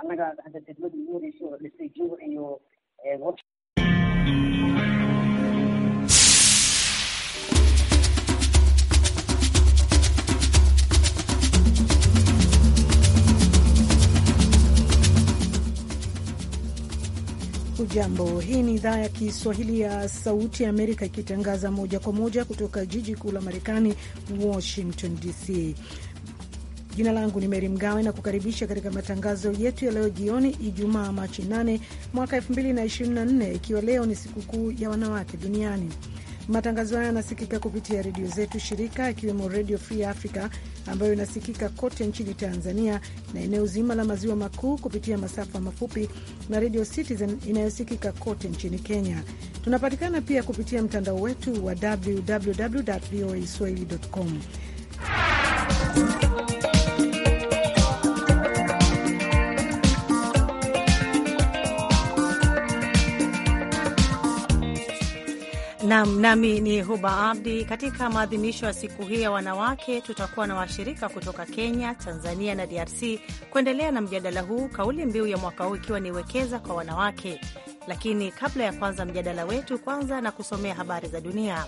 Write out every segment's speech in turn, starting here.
annaga hadda degmada oo dhisay iyo Ujambo, hii ni idhaa ya Kiswahili ya Sauti ya Amerika ikitangaza moja kwa moja kutoka jiji kuu la Marekani, Washington DC. Jina langu ni Meri Mgawe na kukaribisha katika matangazo yetu ya leo jioni, Ijumaa Machi 8 mwaka 2024, ikiwa leo ni sikukuu ya wanawake duniani. Matangazo haya yanasikika kupitia redio zetu shirika, ikiwemo Redio Free Africa ambayo inasikika kote nchini Tanzania na eneo zima la maziwa makuu kupitia masafa mafupi na Redio Citizen inayosikika kote nchini Kenya. Tunapatikana pia kupitia mtandao wetu wa www voa swahili com Nam nami ni Huba Abdi. Katika maadhimisho ya siku hii ya wanawake, tutakuwa na washirika kutoka Kenya, Tanzania na DRC kuendelea na mjadala huu, kauli mbiu ya mwaka huu ikiwa ni wekeza kwa wanawake. Lakini kabla ya kuanza mjadala wetu, kwanza na kusomea habari za dunia.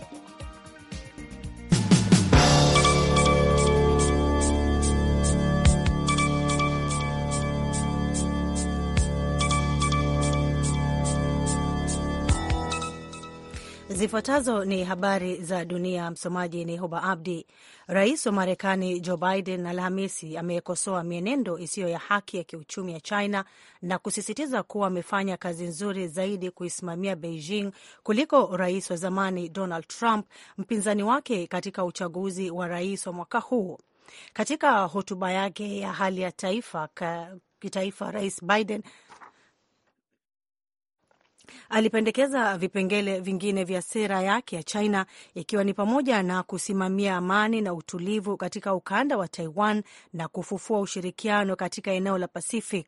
Zifuatazo ni habari za dunia. Msomaji ni Huba Abdi. Rais wa Marekani Joe Biden Alhamisi amekosoa mienendo isiyo ya haki ya kiuchumi ya China na kusisitiza kuwa amefanya kazi nzuri zaidi kuisimamia Beijing kuliko rais wa zamani Donald Trump, mpinzani wake katika uchaguzi wa rais wa mwaka huu. Katika hotuba yake ya hali ya taifa kitaifa, Rais Biden Alipendekeza vipengele vingine vya sera yake ya China ikiwa ni pamoja na kusimamia amani na utulivu katika ukanda wa Taiwan na kufufua ushirikiano katika eneo la Pacific.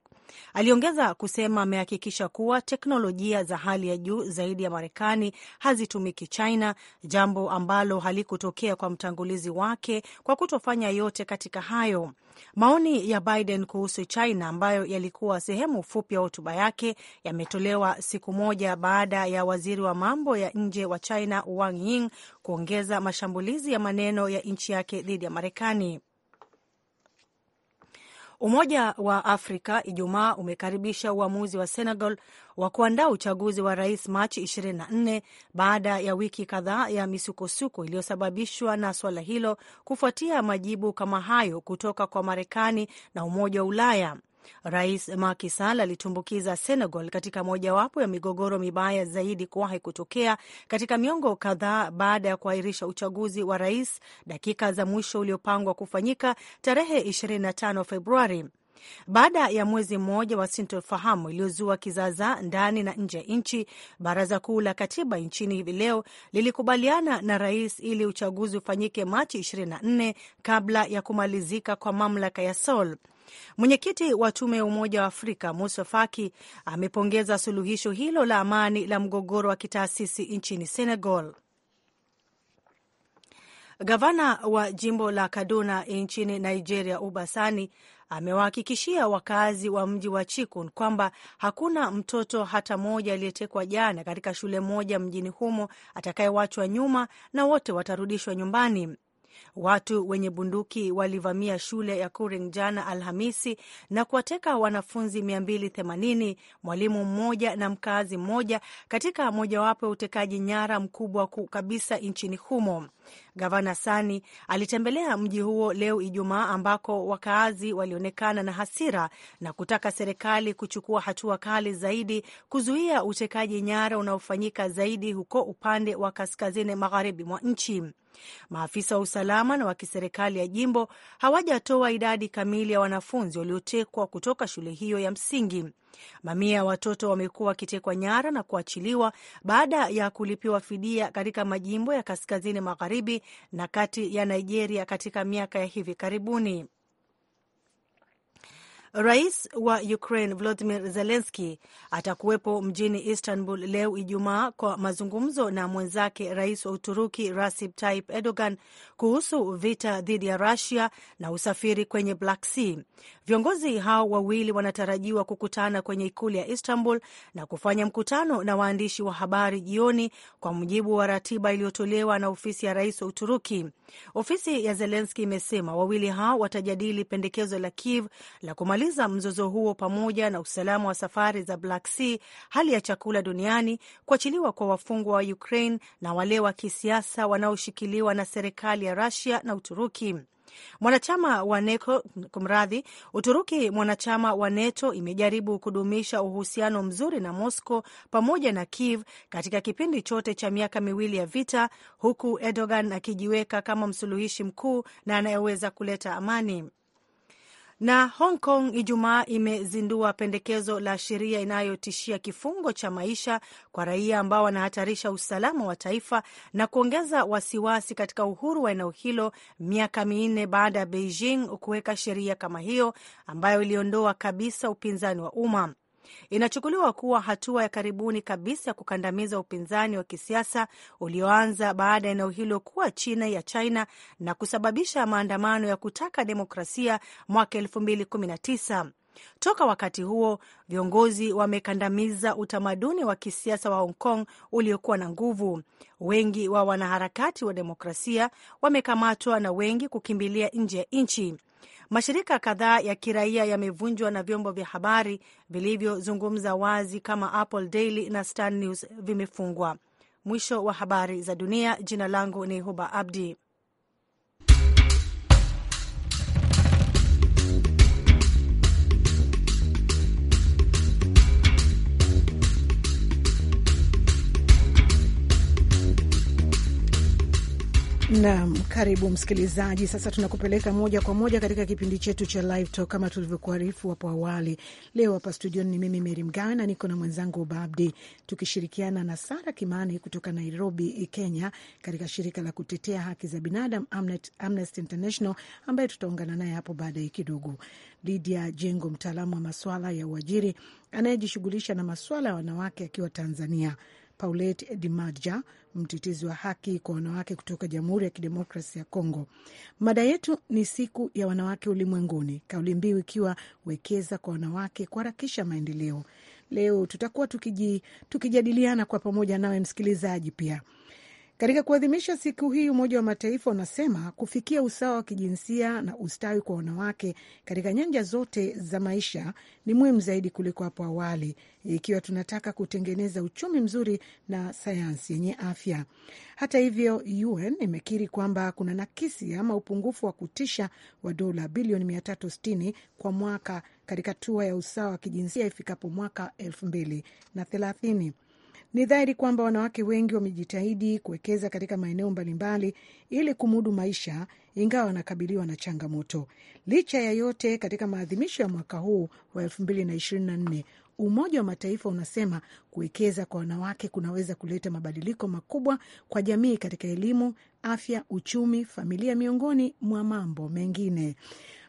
Aliongeza kusema amehakikisha kuwa teknolojia za hali ya juu zaidi ya Marekani hazitumiki China, jambo ambalo halikutokea kwa mtangulizi wake kwa kutofanya yote katika hayo. Maoni ya Biden kuhusu China ambayo yalikuwa sehemu fupi ya hotuba yake yametolewa siku moja baada ya waziri wa mambo ya nje wa China Wang Yi kuongeza mashambulizi ya maneno ya nchi yake dhidi ya Marekani. Umoja wa Afrika Ijumaa umekaribisha uamuzi wa Senegal wa kuandaa uchaguzi wa rais Machi 24 baada ya wiki kadhaa ya misukosuko iliyosababishwa na suala hilo kufuatia majibu kama hayo kutoka kwa Marekani na Umoja wa Ulaya. Rais Macky Sall alitumbukiza Senegal katika mojawapo ya migogoro mibaya zaidi kuwahi kutokea katika miongo kadhaa baada ya kuahirisha uchaguzi wa rais dakika za mwisho uliopangwa kufanyika tarehe 25 Februari. Baada ya mwezi mmoja wa sintofahamu iliyozua kizaza ndani na nje ya nchi, Baraza Kuu la Katiba nchini hivi leo lilikubaliana na rais ili uchaguzi ufanyike Machi 24 kabla ya kumalizika kwa mamlaka ya Sol. Mwenyekiti wa tume ya Umoja wa Afrika Musa Faki amepongeza suluhisho hilo la amani la mgogoro wa kitaasisi nchini Senegal. Gavana wa jimbo la Kaduna nchini Nigeria, Ubasani, amewahakikishia wakazi wa mji wa Chikun kwamba hakuna mtoto hata mmoja aliyetekwa jana katika shule moja mjini humo atakayewachwa nyuma na wote watarudishwa nyumbani. Watu wenye bunduki walivamia shule ya Kuring jana Alhamisi na kuwateka wanafunzi 280, mwalimu mmoja na mkaazi mmoja, katika mojawapo ya utekaji nyara mkubwa kabisa nchini humo. Gavana Sani alitembelea mji huo leo Ijumaa, ambako wakaazi walionekana na hasira na kutaka serikali kuchukua hatua kali zaidi kuzuia utekaji nyara unaofanyika zaidi huko upande wa kaskazini magharibi mwa nchi. Maafisa wa usalama na wa kiserikali ya jimbo hawajatoa idadi kamili ya wanafunzi waliotekwa kutoka shule hiyo ya msingi. Mamia ya watoto wamekuwa wakitekwa nyara na kuachiliwa baada ya kulipiwa fidia katika majimbo ya kaskazini magharibi na kati ya Nigeria katika miaka ya hivi karibuni. Rais wa Ukraine Volodymyr Zelensky atakuwepo mjini Istanbul leo Ijumaa kwa mazungumzo na mwenzake rais wa Uturuki Recep Tayyip Erdogan kuhusu vita dhidi ya Rusia na usafiri kwenye Black Sea. Viongozi hao wawili wanatarajiwa kukutana kwenye ikulu ya Istanbul na kufanya mkutano na waandishi wa habari jioni, kwa mujibu wa ratiba iliyotolewa na ofisi ya rais wa Uturuki. Ofisi ya Zelensky imesema wawili hao watajadili pendekezo la Kiev la kumaliza mzozo huo pamoja na usalama wa safari za Black Sea, hali ya chakula duniani, kuachiliwa kwa wafungwa wa Ukraine na wale wa kisiasa wanaoshikiliwa na serikali ya rasia na Uturuki mwanachama wa neko kumradhi, Uturuki mwanachama wa NATO imejaribu kudumisha uhusiano mzuri na Moscow pamoja na Kiev katika kipindi chote cha miaka miwili ya vita, huku Erdogan akijiweka kama msuluhishi mkuu na anayeweza kuleta amani. Na Hong Kong Ijumaa imezindua pendekezo la sheria inayotishia kifungo cha maisha kwa raia ambao wanahatarisha usalama wa taifa na kuongeza wasiwasi katika uhuru wa eneo hilo, miaka minne baada ya Beijing kuweka sheria kama hiyo ambayo iliondoa kabisa upinzani wa umma inachukuliwa kuwa hatua ya karibuni kabisa ya kukandamiza upinzani wa kisiasa ulioanza baada ya eneo hilo kuwa chini ya China na kusababisha maandamano ya kutaka demokrasia mwaka 2019. Toka wakati huo viongozi wamekandamiza utamaduni wa kisiasa wa Hong Kong uliokuwa na nguvu. Wengi wa wanaharakati wa demokrasia wamekamatwa na wengi kukimbilia nje ya nchi. Mashirika kadhaa ya kiraia yamevunjwa na vyombo vya habari vilivyozungumza wazi kama Apple Daily na Star News vimefungwa. Mwisho wa habari za dunia. Jina langu ni Huba Abdi. Naam, karibu msikilizaji. Sasa tunakupeleka moja kwa moja katika kipindi chetu cha Live Talk kama tulivyokuarifu hapo awali. Leo hapa studioni ni mimi Meri Mgawe na niko na mwenzangu Babdi tukishirikiana na Sara Kimani kutoka Nairobi, Kenya, katika shirika la kutetea haki za binadamu Amnesty International, ambaye tutaungana naye hapo baadaye kidogo. lidia Jengo, mtaalamu wa maswala ya uajiri anayejishughulisha na maswala ya wanawake akiwa Tanzania, Paulette Dimadja mtetezi wa haki kwa wanawake kutoka Jamhuri ya Kidemokrasi ya Kongo. Mada yetu ni siku ya wanawake ulimwenguni, kauli mbiu ikiwa wekeza kwa wanawake, kuharakisha maendeleo. Leo tutakuwa tukijadiliana kwa pamoja nawe msikilizaji pia katika kuadhimisha siku hii, Umoja wa Mataifa unasema kufikia usawa wa kijinsia na ustawi kwa wanawake katika nyanja zote za maisha ni muhimu zaidi kuliko hapo awali, ikiwa tunataka kutengeneza uchumi mzuri na sayansi yenye afya. Hata hivyo, UN imekiri kwamba kuna nakisi ama upungufu wa kutisha wa dola bilioni 360 kwa mwaka katika hatua ya usawa wa kijinsia ifikapo mwaka 230 ni dhahiri kwamba wanawake wengi wamejitahidi kuwekeza katika maeneo mbalimbali ili kumudu maisha, ingawa wanakabiliwa na changamoto. Licha ya yote, katika maadhimisho ya mwaka huu wa 2024 Umoja wa Mataifa unasema kuwekeza kwa wanawake kunaweza kuleta mabadiliko makubwa kwa jamii katika elimu, afya, uchumi, familia, miongoni mwa mambo mengine.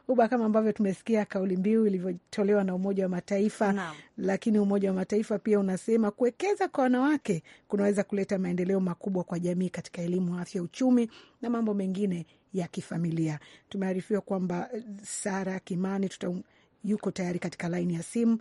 Uba, kama ambavyo tumesikia kauli mbiu ilivyotolewa na Umoja wa Mataifa na. Lakini Umoja wa Mataifa pia unasema kuwekeza kwa wanawake kunaweza kuleta maendeleo makubwa kwa jamii katika elimu, afya, uchumi na mambo mengine ya kifamilia. Tumearifiwa kwamba Sara Kimani tuta yuko tayari katika laini ya simu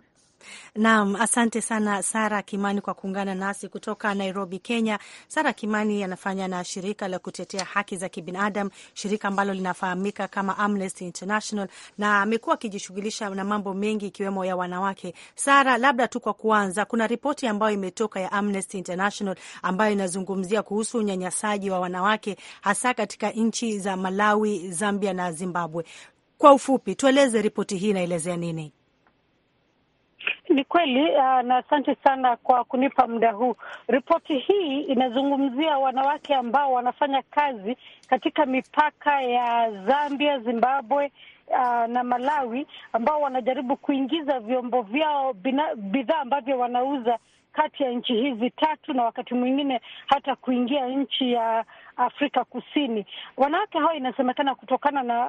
Naam, asante sana Sara Kimani kwa kuungana nasi kutoka Nairobi, Kenya. Sara Kimani anafanya na shirika la kutetea haki za kibinadamu, shirika ambalo linafahamika kama Amnesty International, na amekuwa akijishughulisha na mambo mengi ikiwemo ya wanawake. Sara, labda tu kwa kuanza, kuna ripoti ambayo imetoka ya Amnesty International ambayo inazungumzia kuhusu unyanyasaji wa wanawake hasa katika nchi za Malawi, Zambia na Zimbabwe. Kwa ufupi, tueleze ripoti hii inaelezea nini? Ni kweli ah, na asante sana kwa kunipa muda huu. Ripoti hii inazungumzia wanawake ambao wanafanya kazi katika mipaka ya Zambia, Zimbabwe Uh, na Malawi ambao wanajaribu kuingiza vyombo vyao bidhaa ambavyo wanauza kati ya nchi hizi tatu na wakati mwingine hata kuingia nchi ya Afrika Kusini. Wanawake hao inasemekana kutokana na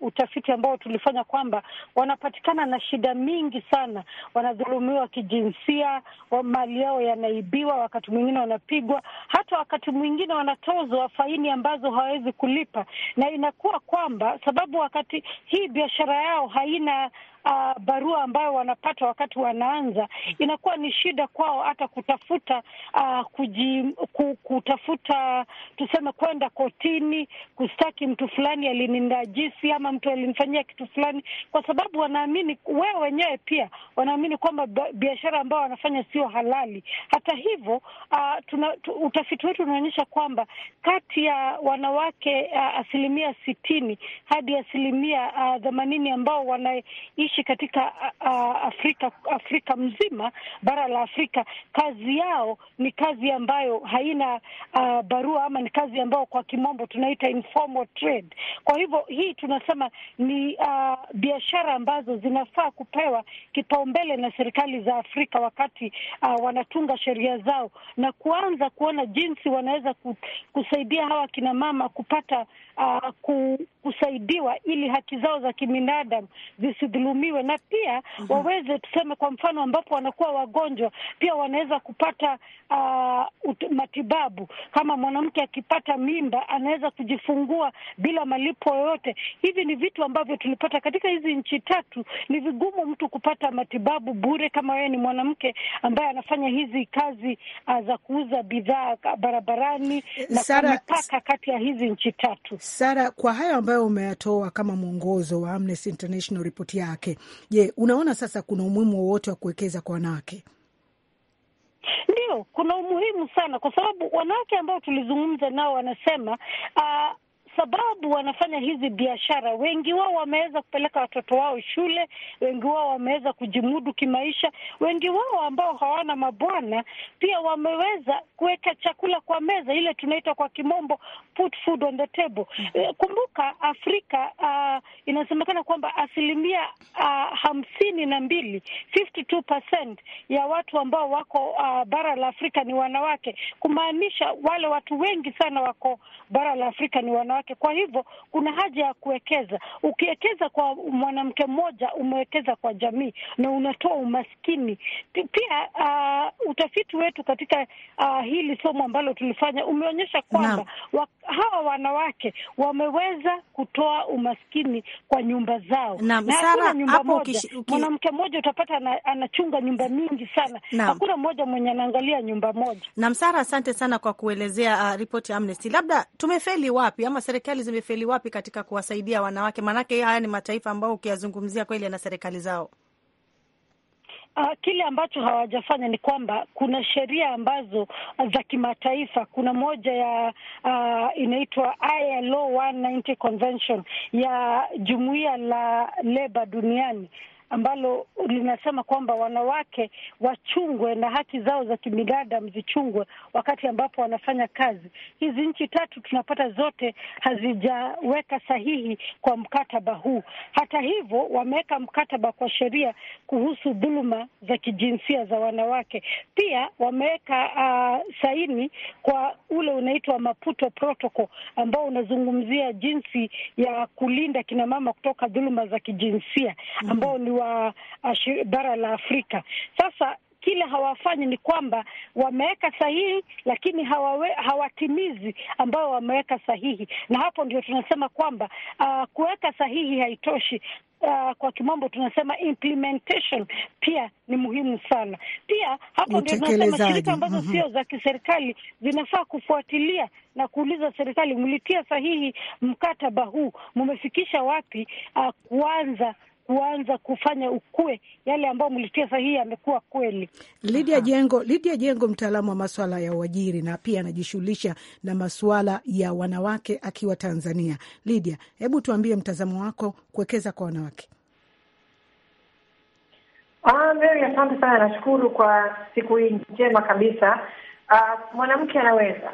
uh, utafiti ambao tulifanya kwamba wanapatikana na shida mingi sana, wanadhulumiwa kijinsia, wa mali yao yanaibiwa, wakati mwingine wanapigwa, hata wakati mwingine wanatozwa faini ambazo hawawezi kulipa, na inakuwa kwamba sababu wakati hii biashara yao haina Uh, barua ambayo wanapata wakati wanaanza inakuwa ni shida kwao, hata kutafuta uh, kuji, ku, kutafuta tuseme kama kwenda kotini kustaki mtu fulani alininajisi ama mtu alinifanyia kitu fulani, kwa sababu wanaamini wewe wenyewe pia wanaamini kwamba biashara ambayo wanafanya sio halali. Hata hivyo, uh, tuna, tu, utafiti wetu unaonyesha kwamba kati ya wanawake uh, asilimia sitini hadi asilimia themanini ambao wanaishi katika uh, Afrika Afrika mzima, bara la Afrika, kazi yao ni kazi ambayo haina uh, barua ama ni kazi kazi ambao kwa kimombo tunaita informal trade. Kwa hivyo hii tunasema ni uh, biashara ambazo zinafaa kupewa kipaumbele na serikali za Afrika wakati uh, wanatunga sheria zao na kuanza kuona jinsi wanaweza kusaidia hawa kina mama kupata uh, kusaidiwa ili haki zao za kibinadamu zisidhulumiwe, na pia mm -hmm. waweze tuseme, kwa mfano ambapo wanakuwa wagonjwa pia wanaweza kupata uh, matibabu. Kama mwanamke akipata mimba anaweza kujifungua bila malipo yoyote. Hivi ni vitu ambavyo tulipata katika hizi nchi tatu. Ni vigumu mtu kupata matibabu bure kama wewe ni mwanamke ambaye anafanya hizi kazi uh, za kuuza bidhaa barabarani na mipaka kati ya hizi nchi tatu. Sara, kwa hayo ambayo ambayo umeyatoa kama mwongozo wa Amnesty International ripoti yake, je, unaona sasa kuna umuhimu wowote wa kuwekeza kwa wanawake? Ndio, kuna umuhimu sana, kwa sababu wanawake ambao tulizungumza nao wanasema uh, sababu wanafanya hizi biashara. Wengi wao wameweza kupeleka watoto wao shule, wengi wao wameweza kujimudu kimaisha, wengi wao ambao hawana mabwana pia wameweza kuweka chakula kwa meza, ile tunaita kwa kimombo put food on the table. Mm-hmm. Eh, kumbuka Afrika uh, inasemekana kwamba asilimia uh, hamsini na mbili 52% ya watu ambao wako uh, bara la Afrika ni wanawake, kumaanisha wale watu wengi sana wako bara la Afrika ni wanawake wake. Kwa hivyo kuna haja ya kuwekeza. Ukiwekeza kwa mwanamke mmoja, umewekeza kwa jamii na unatoa umaskini pia. Uh, utafiti wetu katika uh, hili somo ambalo tulifanya umeonyesha kwamba wa, hawa wanawake wameweza kutoa umaskini kwa nyumba zao, na nyumba moja mwanamke mmoja utapata ana, anachunga nyumba mingi sana. Hakuna mmoja mwenye anaangalia nyumba moja. Naam, Sara, asante sana kwa kuelezea uh, ripoti ya Amnesty. Labda tumefeli wapi ama serikali zimefeli wapi katika kuwasaidia wanawake? Maanake haya ni mataifa ambayo ukiyazungumzia kweli yana serikali zao. Uh, kile ambacho hawajafanya ni kwamba kuna sheria ambazo za kimataifa. Kuna moja ya uh, inaitwa ILO 190 convention ya jumuiya la leba duniani ambalo linasema kwamba wanawake wachungwe na haki zao za kibinadamu zichungwe wakati ambapo wanafanya kazi. Hizi nchi tatu tunapata zote hazijaweka sahihi kwa mkataba huu. Hata hivyo, wameweka mkataba kwa sheria kuhusu dhuluma za kijinsia za wanawake. Pia wameweka uh, saini kwa ule unaitwa Maputo Protocol ambao unazungumzia jinsi ya kulinda kinamama kutoka dhuluma za kijinsia ambao ni wa bara la Afrika. Sasa kile hawafanyi ni kwamba wameweka sahihi, lakini hawawe, hawatimizi ambao wameweka sahihi, na hapo ndio tunasema kwamba uh, kuweka sahihi haitoshi. Uh, kwa kimombo tunasema implementation pia ni muhimu sana. Pia hapo ndio tunasema shirika ambazo mm -hmm. sio za kiserikali zinafaa kufuatilia na kuuliza serikali, mlitia sahihi mkataba huu, mumefikisha wapi? Uh, kuanza kuanza kufanya ukue yale ambayo mlitia sahihi yamekuwa kweli. Lidia Jengo, lidia Jengo, mtaalamu wa maswala ya uajiri na pia anajishughulisha na masuala ya wanawake akiwa Tanzania. lidia hebu tuambie mtazamo wako kuwekeza kwa wanawake. Ah, Mary, asante sana, nashukuru kwa siku hii njema kabisa. Uh, mwanamke anaweza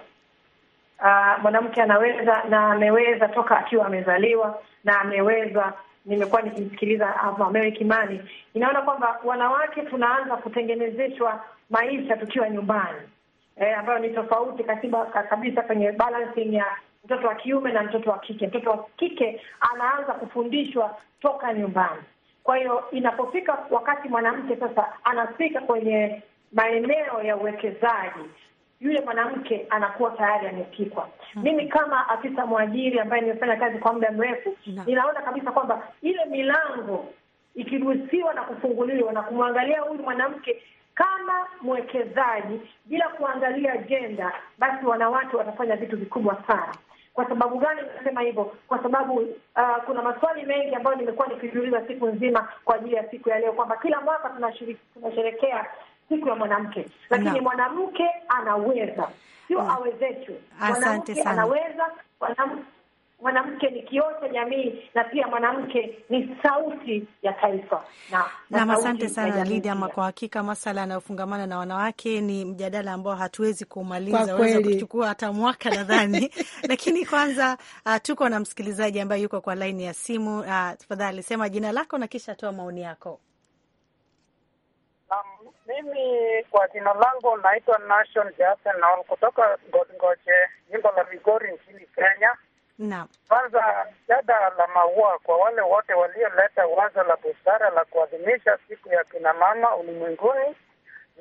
uh, mwanamke anaweza na ameweza toka akiwa amezaliwa na ameweza nimekuwa nikimsikiliza Mary Kimani, inaona kwamba wanawake tunaanza kutengenezeshwa maisha tukiwa nyumbani e, ambayo ni tofauti katiba kabisa kwenye balancing ya mtoto wa kiume na mtoto wa kike. Mtoto wa kike anaanza kufundishwa toka nyumbani. Kwa hiyo inapofika wakati mwanamke sasa anafika kwenye maeneo ya uwekezaji yule mwanamke anakuwa tayari amepikwa. Hmm. Mimi kama afisa mwajiri ambaye nimefanya kazi kwa muda mrefu hmm. ninaona kabisa kwamba ile milango ikiruhusiwa na kufunguliwa na kumwangalia huyu mwanamke kama mwekezaji bila kuangalia jenda, basi wanawake watafanya vitu vikubwa sana. Kwa sababu gani nasema hivyo? Kwa sababu uh, kuna maswali mengi ambayo nimekuwa nikijiuliza siku nzima kwa ajili ya siku ya leo, kwamba kila mwaka tunasherekea siku ya mwanamke, lakini mwanamke anaweza, sio mm. awezeshwe. Mwanamke anaweza mwanamke ni kioo cha jamii na pia mwanamke ni sauti ya taifa. Na, na, asante sana Lidia, ama kwa hakika masala yanayofungamana na wanawake ni mjadala ambao hatuwezi kumaliza, waweza kuchukua hata mwaka nadhani lakini kwanza uh, tuko na msikilizaji ambaye yuko kwa laini ya simu uh, tafadhali sema jina lako na kisha toa maoni yako. Mimi kwa jina langu naitwa Nation Jasenol kutoka Godgoje, jimbo la Migori nchini Kenya. kwanza jada la maua kwa wale wote walioleta wazo la busara la kuadhimisha siku ya kinamama ulimwenguni.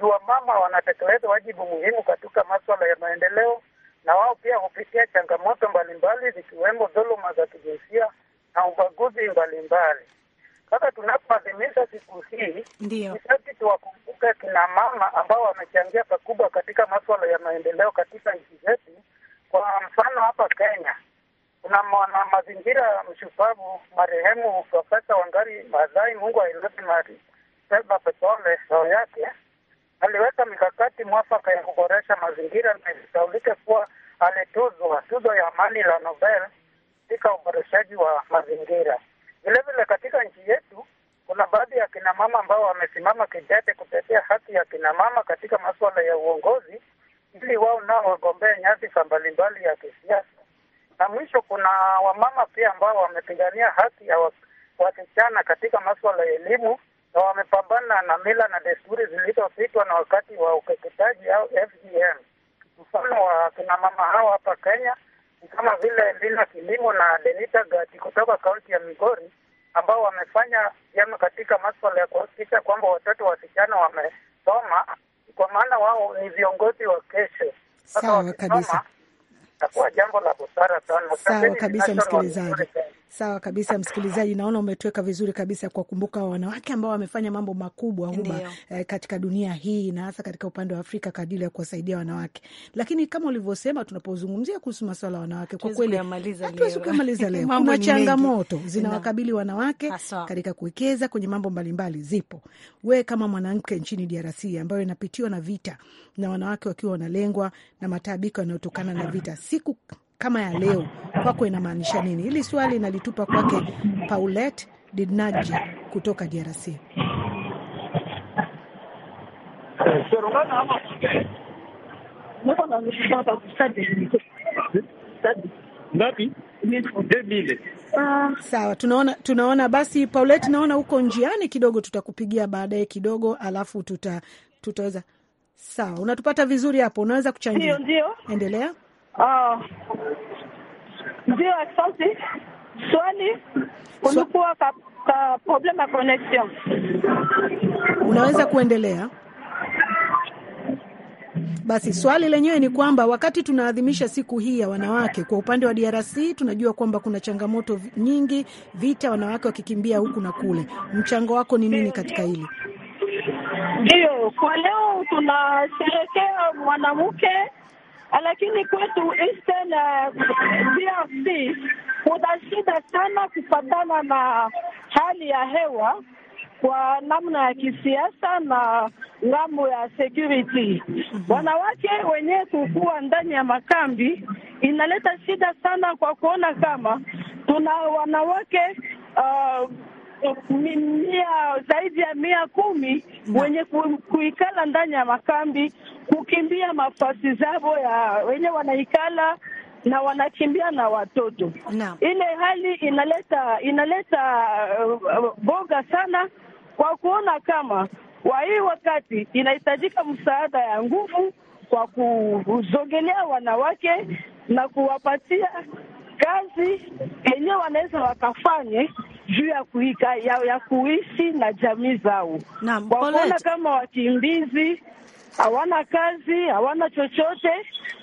jua wamama wanatekeleza wajibu muhimu katika maswala ya maendeleo, na wao pia hupitia changamoto mbalimbali zikiwemo dhuluma za kijinsia na ubaguzi mbalimbali. Sasa tunapoadhimisha siku hii, ndio ni tuwakumbuke kina mama ambao wamechangia pakubwa katika maswala ya maendeleo katika nchi zetu. Kwa mfano hapa Kenya kuna mwana mazingira mshupavu marehemu Profesa Wangari Maathai, Mungu ailaze mahali pema pepole roho yake, aliweka mikakati mwafaka ya kuboresha mazingira na isitaulike kuwa alituzwa tuzo ya amani la Nobel katika uboreshaji wa mazingira. Vilevile katika nchi yetu kuna baadhi ya kinamama ambao wamesimama kidete kutetea haki ya kinamama katika masuala ya uongozi, ili wao nao wagombee nyadhifa mbalimbali ya kisiasa. Na mwisho kuna wamama pia ambao wamepigania haki ya wasichana katika masuala ya elimu na wamepambana na mila na desturi zilizopitwa na wakati wa ukeketaji au FGM. Mfano wa kinamama hao hapa Kenya kama vile Ndila Kilimo na Denita Gati kutoka kaunti ya Migori ambao wamefanya vyema katika maswala ya kuhakikisha kwamba watoto wasichana wamesoma, kwa maana wao ni viongozi wa kesho. Sawa kabisa, itakuwa jambo la busara sana. Sawa kabisa, msikilizaji. Sawa kabisa, msikilizaji, naona umetuweka vizuri kabisa kwa kumbuka wanawake ambao wamefanya mambo makubwa huba, eh, katika dunia hii na hasa katika upande wa Afrika kwa ajili ya kuwasaidia wanawake. Lakini kama ulivyosema, tunapozungumzia kuhusu masuala ya wanawake, kwa kweli hatuwezi kuyamaliza leo. Kuna changamoto zinawakabili wanawake katika kuwekeza kwenye mambo mbalimbali, mbali. zipo. We kama mwanamke nchini DRC ambayo inapitiwa na vita na wanawake wakiwa wanalengwa na mataabiko yanayotokana na vita siku kama ya leo kwako inamaanisha nini? Hili swali nalitupa kwake Paulette Didnaji kutoka DRC. Sawa, tunaona tunaona. Basi Paulette, naona uko njiani kidogo, tutakupigia baadaye kidogo, alafu tuta tutaweza. Sawa, unatupata vizuri hapo, unaweza kuchangia? Ndio, ndio, endelea. Oh. Ndio, asante. Swali kulikuwa ka, ka problem ya connection. Unaweza kuendelea? Basi swali lenyewe ni kwamba wakati tunaadhimisha siku hii ya wanawake, kwa upande wa DRC tunajua kwamba kuna changamoto nyingi, vita, wanawake wakikimbia huku na kule. Mchango wako ni nini katika hili? Ndio, kwa leo tunasherekea mwanamke lakini kwetu eastern uh, DRC kuna shida sana kufatana na hali ya hewa kwa namna ya kisiasa na ngambo ya security. Wanawake wenyewe kukuwa ndani ya makambi inaleta shida sana, kwa kuona kama tuna wanawake uh, mia zaidi ya mia kumi mm. wenye kuikala ndani ya makambi kukimbia mafasi zavo ya wenye wanaikala na wanakimbia na watoto na. Ile hali inaleta inaleta uh, uh, boga sana kwa kuona kama kwa hii wakati inahitajika msaada ya nguvu kwa kuzogelea wanawake na kuwapatia kazi yenyewe wanaweza wakafanye juu ya kuika, ya, ya kuishi na jamii zao, wakuona kama wakimbizi hawana kazi hawana chochote,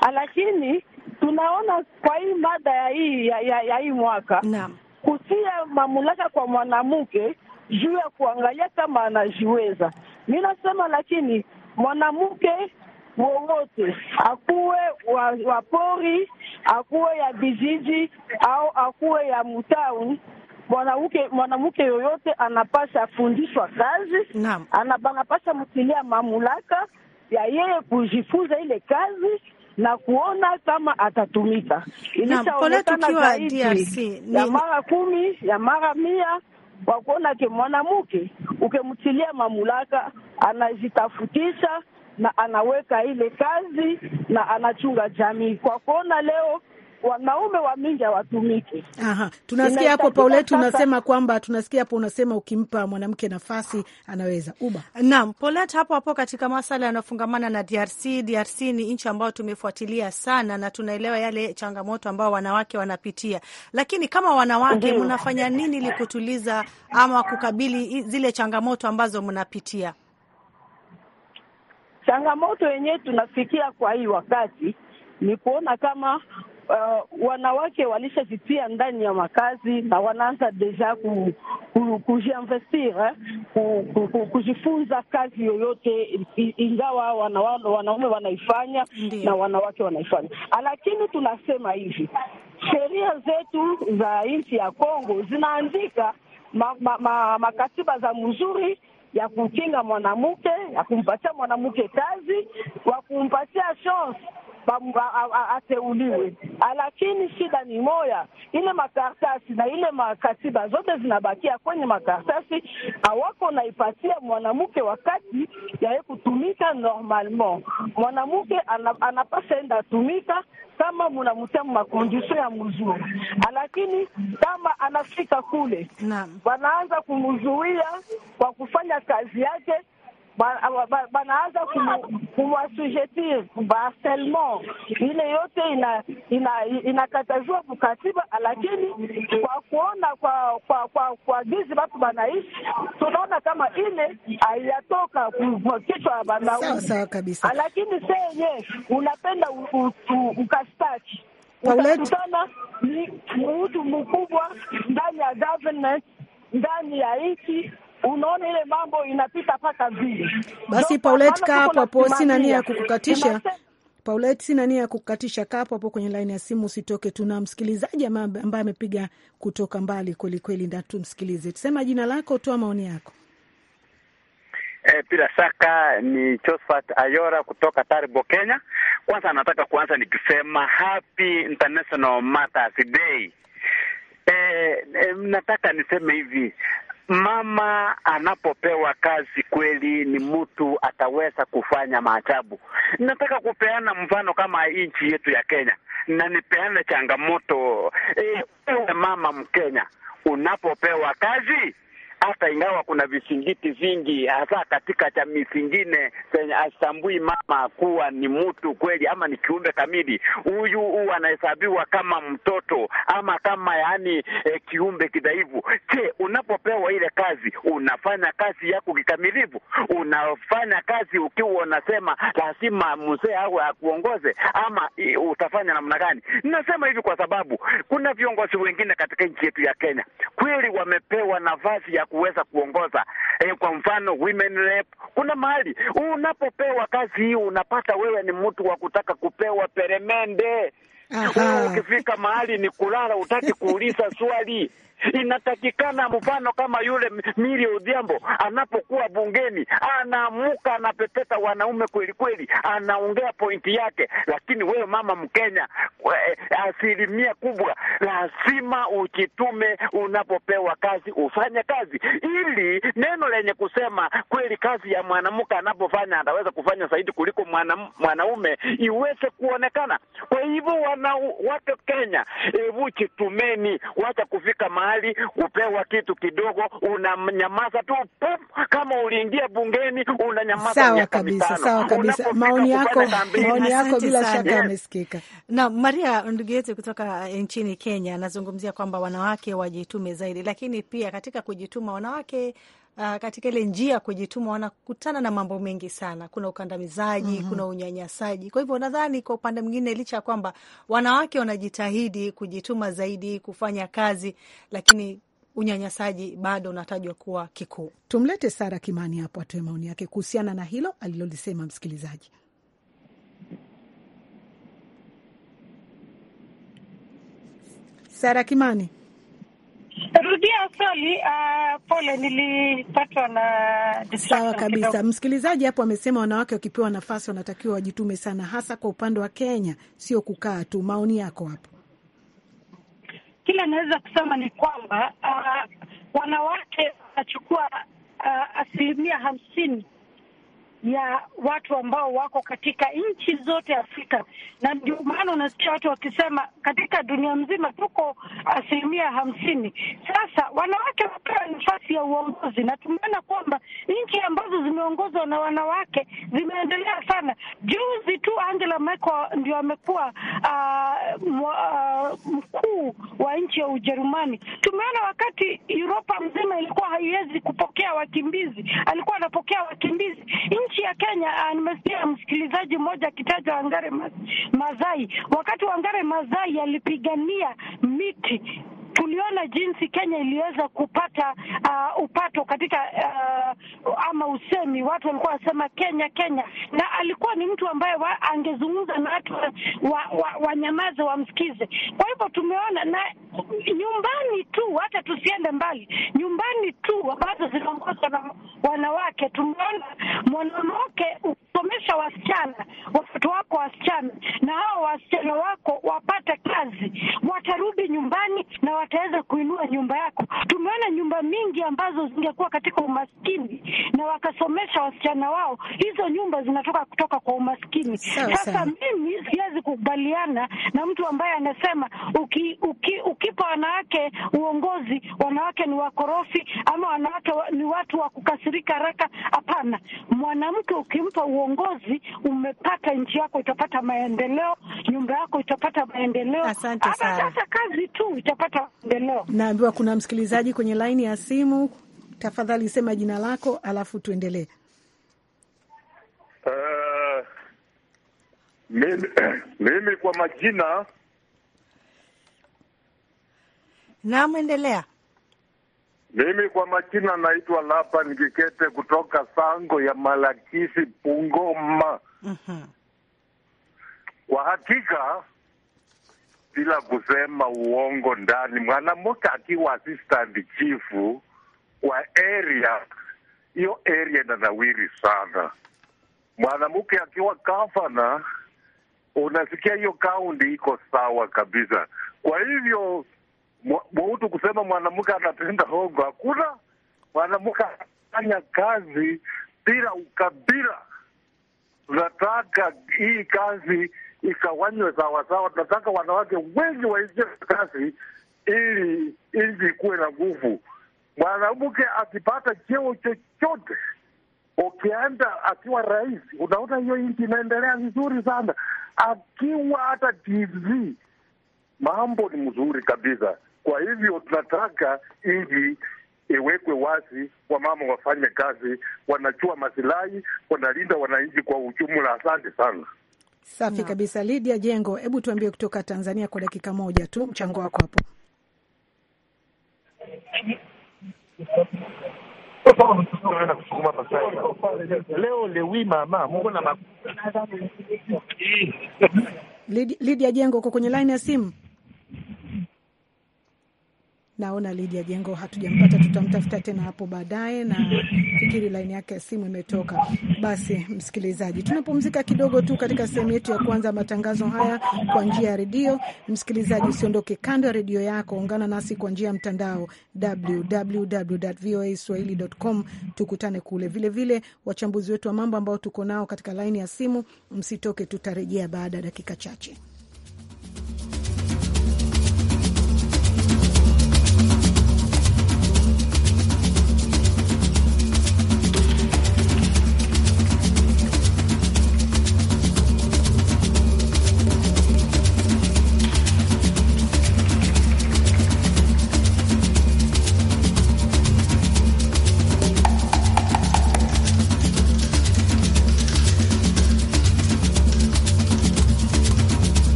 ah, lakini tunaona kwa hii mada ya hii ya, ya, ya hii mwaka naam, kutia mamlaka kwa mwanamke juu ya kuangalia kama anajiweza. Mi nasema lakini mwanamke wowote akuwe wa, wa pori akuwe ya vijiji au akuwe ya mtauni, mwanamke mwanamke yoyote anapasha fundishwa kazi naam. Anapasha mtilia mamlaka ya yeye kujifunza ile kazi na kuona kama atatumika. Ilishaonekana ya mara kumi ya mara mia wa kuona ke mwanamke ukemtilia mamlaka anajitafutisha na anaweka ile kazi na anachunga jamii. Kwa kuona leo wanaume wa mingi hawatumiki. Aha, tunasikia hapo Paulette unasema kwamba tunasikia hapo unasema ukimpa mwanamke nafasi anaweza uba. Naam, Paulette hapo hapo katika masala yanayofungamana na DRC. DRC ni nchi ambayo tumefuatilia sana na tunaelewa yale changamoto ambao wanawake wanapitia, lakini kama wanawake mnafanya nini ili kutuliza ama kukabili zile changamoto ambazo mnapitia? Changamoto yenyewe tunafikia kwa hii wakati ni kuona kama uh, wanawake walishajitia ndani ya makazi na wanaanza deja ku, ku, kujiinvestir eh, ku, ku, ku, kujifunza kazi yoyote, ingawa wanaume wana, wana wanaifanya Ndiyo. na wanawake wanaifanya, lakini tunasema hivi sheria zetu za nchi ya Kongo zinaandika makatiba ma, ma, ma za mzuri ya kukinga mwanamke ya kumpatia mwanamke kazi, kwa kumpatia chance ateuliwe, ah, lakini shida ni moya, ile makaratasi na ile makatiba zote zinabakia kwenye makaratasi, awako naipatia mwanamke wakati yaye kutumika normalement. Mwanamke anapasa enda tumika kama munamutia makondisio ya mzuri, ah, lakini kama anafika kule wanaanza kumuzuia kwa kufanya kazi yake banaanza kumwasujeti baharcelement ile yote inakatazwa ina, ina kukatiba, lakini kwa kuona kwa kwa kwa, kwa gizi watu banaishi tunaona kama ile haiyatoka kichwa ya banaume. Sawa sawa kabisa, lakini seye unapenda ukastachi utakutana ni mtu mkubwa ndani ya government ndani ya nchi unaona ile mambo inapita mpaka vile. Basi Paulette, kaa hapo hapo, sina nia ya kukukatisha. Paulette, sina nia ya kukukatisha, kaa hapo hapo kwenye laini ya simu, usitoke. Tuna msikilizaji ambaye amepiga kutoka mbali kweli kweli, nda tumsikilize. Tusema jina lako, toa maoni yako. E, bila shaka ni Josephat Ayora kutoka Taribo, Kenya. Kwanza nataka kuanza nikisema happy international Mothers Day. E, e, nataka niseme hivi mama anapopewa kazi kweli ni mtu ataweza kufanya maajabu. Nataka kupeana mfano kama nchi yetu ya Kenya, na nipeane changamoto e, mama Mkenya unapopewa kazi hata ingawa kuna visingiti vingi, hasa katika jamii zingine zenye asitambui mama kuwa ni mtu kweli ama ni kiumbe kamili. Huyu huu anahesabiwa kama mtoto ama kama yaani e, kiumbe kidhaifu. Je, unapopewa ile kazi unafanya kazi yako kikamilifu? Unafanya kazi ukiwa unasema lazima mzee awe akuongoze, ama i, eh, utafanya namna gani? Nasema hivi kwa sababu kuna viongozi wengine katika nchi yetu ya Kenya kweli wamepewa nafasi ya kuweza kuongoza e, kwa mfano women rep. Kuna mahali unapopewa kazi hii unapata wewe ni mtu wa kutaka kupewa peremende. Ukifika mahali ni kulala, utaki kuuliza swali Inatakikana mfano kama yule Miri Odhiambo anapokuwa bungeni, anaamuka anapepeta wanaume kweli kweli, anaongea pointi yake. Lakini wewe mama Mkenya, asilimia kubwa lazima ujitume, unapopewa kazi ufanye kazi, ili neno lenye kusema kweli, kazi ya mwanamke anapofanya anaweza kufanya zaidi kuliko mwanaume iweze kuonekana. Kwa hivyo wanawake Kenya, hebu jitumeni, wacha kufika mahali mahali kupewa kitu kidogo unanyamaza tu pum. Kama uliingia bungeni unanyamaza. Sawa kabisa, sawa kabisa. Maoni yako, maoni yako bila shaka yamesikika. Na Maria, ndugu yetu kutoka eh, nchini Kenya, anazungumzia kwamba wanawake wajitume zaidi, lakini pia katika kujituma wanawake uh, katika ile njia ya kujituma wanakutana na mambo mengi sana. Kuna ukandamizaji mm -hmm. kuna unyanyasaji. Kwa hivyo nadhani kwa upande mwingine, licha ya kwamba wanawake wanajitahidi kujituma zaidi kufanya kazi, lakini unyanyasaji bado unatajwa kuwa kikuu. Tumlete Sara Kimani hapo atoe maoni yake kuhusiana na hilo alilolisema msikilizaji. Sara Kimani. Rudia swali. Uh, pole, nilipatwa na sawa kabisa. Msikilizaji hapo amesema wanawake wakipewa nafasi wanatakiwa wajitume sana, hasa kwa upande wa Kenya, sio kukaa tu. Maoni yako hapo? Kile naweza kusema ni kwamba uh, wanawake wanachukua uh, asilimia hamsini ya watu ambao wako katika nchi zote Afrika, na ndio maana unasikia watu wakisema katika dunia mzima tuko asilimia hamsini. Sasa wanawake wapewa nafasi ya uongozi, na tumeona kwamba nchi ambazo zimeongozwa na wanawake zimeendelea sana. Juzi tu Angela Merkel ndio amekuwa uh, uh, mkuu wa nchi ya Ujerumani. Tumeona wakati Uropa mzima ilikuwa haiwezi kupokea wakimbizi, alikuwa anapokea wakimbizi nchi nchi ya Kenya, ah, nimesikia msikilizaji mmoja akitaja Wangare Mazai. Wakati Wangare Mazai alipigania miti tuliona jinsi Kenya iliweza kupata uh, upato katika uh, ama usemi, watu walikuwa wasema Kenya Kenya, na alikuwa ni mtu ambaye wa, angezungumza na watu wanyamaze wa, wa wamsikize. Kwa hivyo tumeona na nyumbani tu, hata tusiende mbali, nyumbani tu ambazo zinaongozwa na wanawake, tumeona mwanamke kusomesha wasichana, watoto wako wasichana, na hao wasichana wako wapate kazi, watarudi nyumbani na wataweza kuinua nyumba yako. Tumeona nyumba mingi ambazo zingekuwa katika umaskini na wakasomesha wasichana wao, hizo nyumba zinatoka kutoka kwa umaskini. Sasa, mimi siwezi kukubaliana na mtu ambaye anasema uki, uki, ukipa wanawake uongozi, wanawake ni wakorofi ama wanawake ni watu wa kukasirika haraka. Hapana, mwanamke ukimpa uongozi uongozi umepata, nchi yako itapata maendeleo, nyumba yako itapata maendeleo. Asante sana. sasa kazi tu itapata maendeleo. Naambiwa kuna msikilizaji kwenye laini ya simu. Tafadhali sema jina lako alafu tuendelee. Uh, mimi, mimi kwa majina namwendelea mimi kwa majina naitwa lapa nikikete kutoka Sango ya Malakisi Pungoma. Mhm. Kwa hakika bila kusema uongo, ndani mwanamke akiwa assistant chief kwa area hiyo, area inanawiri sana. Mwanamke akiwa gavana, unasikia hiyo kaunti iko sawa kabisa. Kwa hivyo mwautu kusema mwanamke anatenda hongo. Hakuna mwanamke anafanya kazi bila ukabila. Tunataka hii kazi ikawanywe sawasawa. Tunataka wanawake wengi waingie kazi ili nchi ikuwe na nguvu. Mwanamke akipata cheo chochote, ukienda akiwa rais, unaona hiyo nchi inaendelea vizuri sana. Akiwa hata TV, mambo ni mzuri kabisa. Kwa hivyo tunataka nchi iwekwe wazi, wamama wafanye kazi, wanachua masilahi, wanalinda wananchi kwa ujumla. Asante sana. Safi kabisa. Lydia Jengo, hebu tuambie kutoka Tanzania kwa dakika moja tu mchango wako hapo. Leo lewi mama Lydia Jengo uko kwenye line ya simu? naona Lydia Jengo hatujampata, tutamtafuta tena hapo baadaye, na fikiri laini yake ya simu imetoka. Basi msikilizaji, tunapumzika kidogo tu katika sehemu yetu ya kwanza matangazo haya kwa njia ya redio. Msikilizaji, usiondoke kando ya redio yako, ungana nasi kwa njia ya mtandao www.voaswahili.com, tukutane kule. Vilevile vile, wachambuzi wetu wa mambo ambao tuko nao katika laini ya simu, msitoke, tutarejea baada ya dakika chache.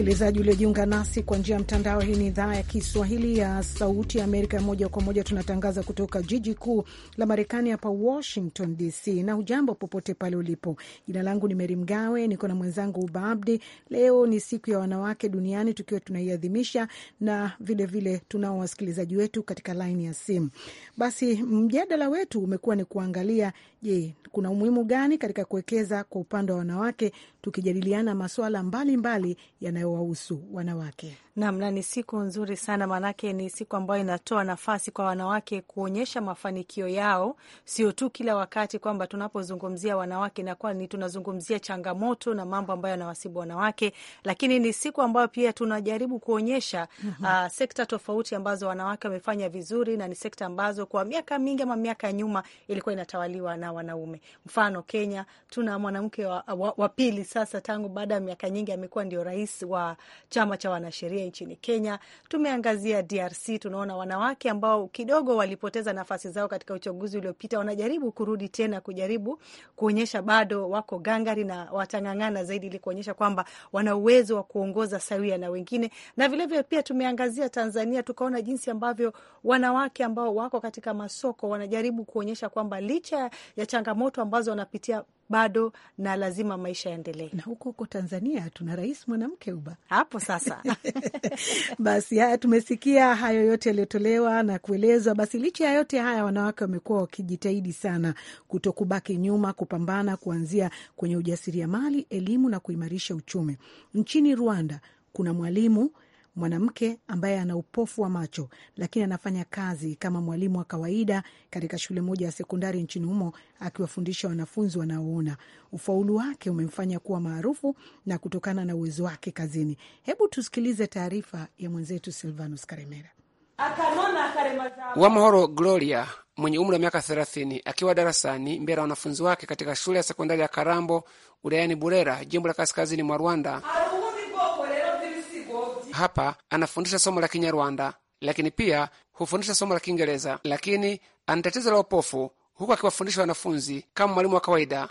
msikilizaji uliojiunga nasi kwa njia ya mtandao. Hii ni idhaa ya Kiswahili ya Sauti ya Amerika. Moja kwa moja tunatangaza kutoka jiji kuu la Marekani, hapa Washington DC, na ujambo popote pale ulipo. Jina langu ni Meri Mgawe, niko na mwenzangu Uba Abdi. Leo ni siku ya wanawake duniani, tukiwa tunaiadhimisha na vilevile tunao wasikilizaji wetu katika laini ya simu. Basi mjadala wetu umekuwa ni kuangalia, je, kuna umuhimu gani katika kuwekeza kwa upande wa wanawake, tukijadiliana masuala mbalimbali yanayo yanayowahusu wanawake. Namna na ni siku nzuri sana maanake ni siku ambayo inatoa nafasi kwa wanawake kuonyesha mafanikio yao, sio tu kila wakati kwamba tunapozungumzia wanawake inakuwa ni tunazungumzia changamoto na mambo ambayo yanawasibu wanawake, lakini ni siku ambayo pia tunajaribu kuonyesha mm -hmm. uh, sekta tofauti ambazo wanawake wamefanya vizuri na ni sekta ambazo kwa miaka mingi ama miaka ya nyuma ilikuwa inatawaliwa na wanaume. Mfano Kenya tuna mwanamke wa, wa, wa pili sasa tangu baada ya miaka nyingi amekuwa ndio rais wa chama cha wanasheria nchini Kenya, tumeangazia DRC. Tunaona wanawake ambao kidogo walipoteza nafasi zao katika uchaguzi uliopita, wanajaribu kurudi tena, kujaribu kuonyesha bado wako gangari na watang'ang'ana zaidi, ili kuonyesha kwamba wana uwezo wa kuongoza sawia na wengine. Na vilevile pia tumeangazia Tanzania, tukaona jinsi ambavyo wanawake ambao wako katika masoko wanajaribu kuonyesha kwamba licha ya changamoto ambazo wanapitia bado na lazima maisha yaendelee. Na huko huko Tanzania tuna rais mwanamke uba hapo sasa. Basi haya, tumesikia hayo yote yaliyotolewa na kuelezwa. Basi licha ya yote haya, wanawake wamekuwa wakijitahidi sana kutokubaki nyuma, kupambana kuanzia kwenye ujasiriamali, elimu na kuimarisha uchumi. Nchini Rwanda kuna mwalimu mwanamke ambaye ana upofu wa macho, lakini anafanya kazi kama mwalimu wa kawaida katika shule moja ya sekondari nchini humo, akiwafundisha wanafunzi wanaoona. Ufaulu wake umemfanya kuwa maarufu na kutokana na uwezo wake kazini. Hebu tusikilize taarifa ya mwenzetu Silvanus Karemera. Wamahoro Gloria mwenye umri wa miaka thelathini akiwa darasani mbele ya wanafunzi wake katika shule ya sekondari ya Karambo wilayani Burera, jimbo la kaskazini mwa Rwanda. Hapa anafundisha somo la Kinyarwanda, lakini pia hufundisha somo la Kiingereza, lakini ana tatizo la upofu, huku akiwafundisha wanafunzi kama mwalimu wa kawaida.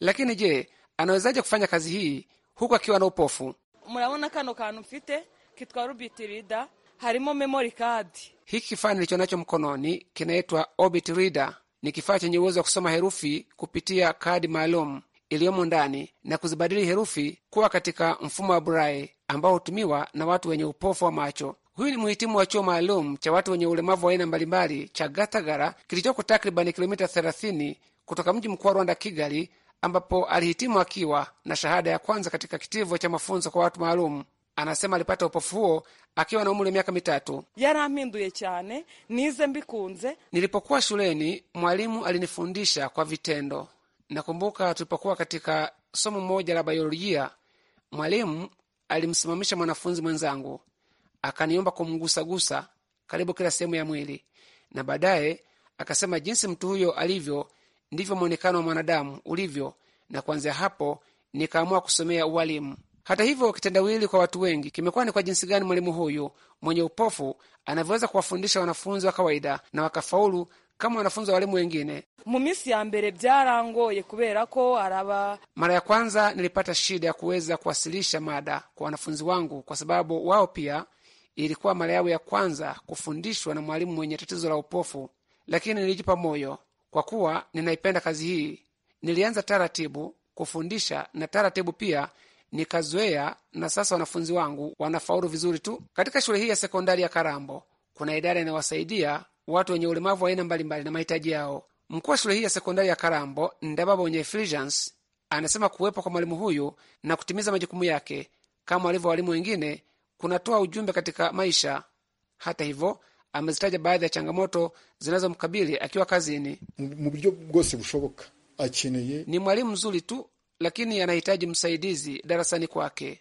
Lakini je, anawezaje kufanya kazi hii huku akiwa na upofu? Murabona kano kantu mfite kitwa rubitirida harimo memory card. Hiki kifaa nilicho nacho mkononi kinaitwa Orbit Reader. Ni kifaa chenye uwezo wa kusoma herufi kupitia kadi maalum iliyomo ndani na kuzibadili herufi kuwa katika mfumo wa Braille ambao hutumiwa na watu wenye upofu wa macho. Huyu ni mhitimu wa chuo maalum cha watu wenye ulemavu wa aina mbalimbali cha Gatagara kilichoko takribani kilomita 30 kutoka mji mkuu wa Rwanda, Kigali, ambapo alihitimu akiwa na shahada ya kwanza katika kitivo cha mafunzo kwa watu maalum. Anasema alipata upofu huo akiwa na umri wa miaka mitatu. yarampinduye chane nize mbikunze. Nilipokuwa shuleni, mwalimu alinifundisha kwa vitendo Nakumbuka tulipokuwa katika somo moja la biolojia, mwalimu alimsimamisha mwanafunzi mwenzangu, akaniomba kumgusagusa karibu kila sehemu ya mwili, na baadaye akasema jinsi mtu huyo alivyo ndivyo mwonekano wa mwanadamu ulivyo, na kuanzia hapo nikaamua kusomea ualimu. Hata hivyo, kitendawili kwa watu wengi kimekuwa ni kwa jinsi gani mwalimu huyu mwenye upofu anavyoweza kuwafundisha wanafunzi wa kawaida na wakafaulu kama wanafunzi wa walimu wengine. mumisi ya mbere byarangoye kubera ko araba. Mara ya kwanza nilipata shida ya kuweza kuwasilisha mada kwa wanafunzi wangu, kwa sababu wao pia ilikuwa mara yao ya kwanza kufundishwa na mwalimu mwenye tatizo la upofu, lakini nilijipa moyo kwa kuwa ninaipenda kazi hii. Nilianza taratibu kufundisha na taratibu pia nikazoea, na sasa wanafunzi wangu wanafaulu vizuri tu. Katika shule hii ya sekondari ya Karambo kuna idara inayowasaidia watu wenye ulemavu wa aina mbalimbali na mahitaji yao. Mkuu wa shule hii ya sekondari ya Karambo, wenye Filians, anasema kuwepo kwa mwalimu huyu na kutimiza majukumu yake kama walivyo walimu wengine kunatoa ujumbe katika maisha. Hata hivyo, amezitaja baadhi ya changamoto zinazomkabili akiwa kazini. Muburyo bwose bushoboka akeneye, ni mwalimu mzuri tu, lakini anahitaji msaidizi darasani kwake,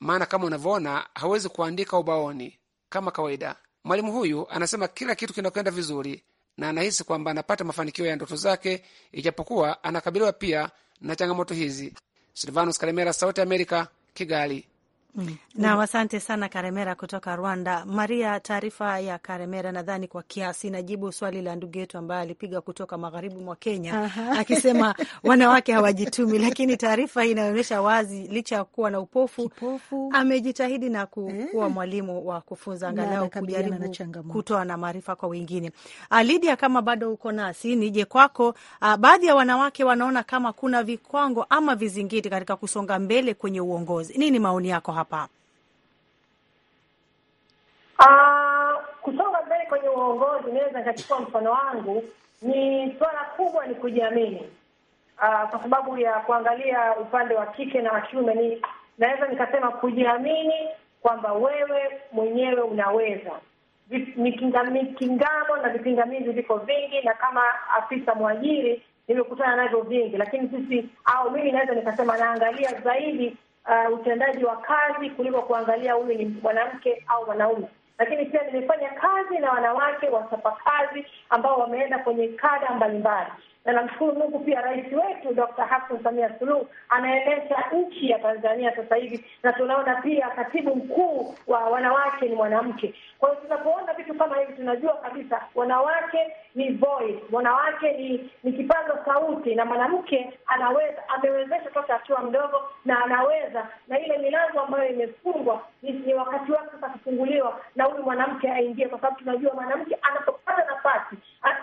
maana kama unavyoona hawezi kuandika ubaoni kama kawaida. Mwalimu huyu anasema kila kitu kinakwenda vizuri na anahisi kwamba anapata mafanikio ya ndoto zake, ijapokuwa anakabiliwa pia na changamoto hizi. Silvanus Kalemera, Sauti Amerika, Kigali. Mm. Na mm. asante sana Karemera kutoka Rwanda. Maria, taarifa ya Karemera nadhani kwa kiasi inajibu swali la ndugu yetu ambaye alipiga kutoka magharibi mwa Kenya Aha. akisema wanawake hawajitumi, lakini taarifa hii inaonyesha wazi, licha ya kuwa na upofu Kipofu. amejitahidi na eh. kuwa mwalimu wa kufunza angalau kujaribu kutoa na maarifa kwa wengine. Ah, Lidia, kama bado uko nasi, nije kwako. Ah, baadhi ya wanawake wanaona kama kuna vikwango ama vizingiti katika kusonga mbele kwenye uongozi. Nini maoni yako? hapa? Uh, kusonga mbele kwenye uongozi, naweza nikachukua mfano wangu, ni swala kubwa ni kujiamini. Uh, kwa sababu ya kuangalia upande wa kike na wa kiume, ni naweza nikasema kujiamini kwamba wewe mwenyewe unaweza. Mikingamo na vipingamizi viko vingi, na kama afisa mwajiri nimekutana navyo vingi, lakini sisi au mimi naweza nikasema naangalia zaidi uh, utendaji wa kazi kuliko kuangalia huyu ni mwanamke au mwanaume. Lakini pia nimefanya kazi na wanawake wachapakazi ambao wameenda kwenye kada mbalimbali, na namshukuru Mungu pia rais wetu Dr. Hassan Samia Suluhu anaendesha nchi ya Tanzania sasa hivi, na tunaona pia katibu mkuu wa wanawake ni mwanamke. Kwa hiyo tunapoona vitu kama hivi, tunajua kabisa wanawake ni voice, mwanawake ni, ni kipaza sauti, na mwanamke anaweza, amewezesha toka akiwa mdogo na anaweza, na ile milango ambayo imefungwa ni, ni wakati wake sasa kufunguliwa na huyu mwanamke aingie, kwa sababu tunajua mwanamke anapopata nafasi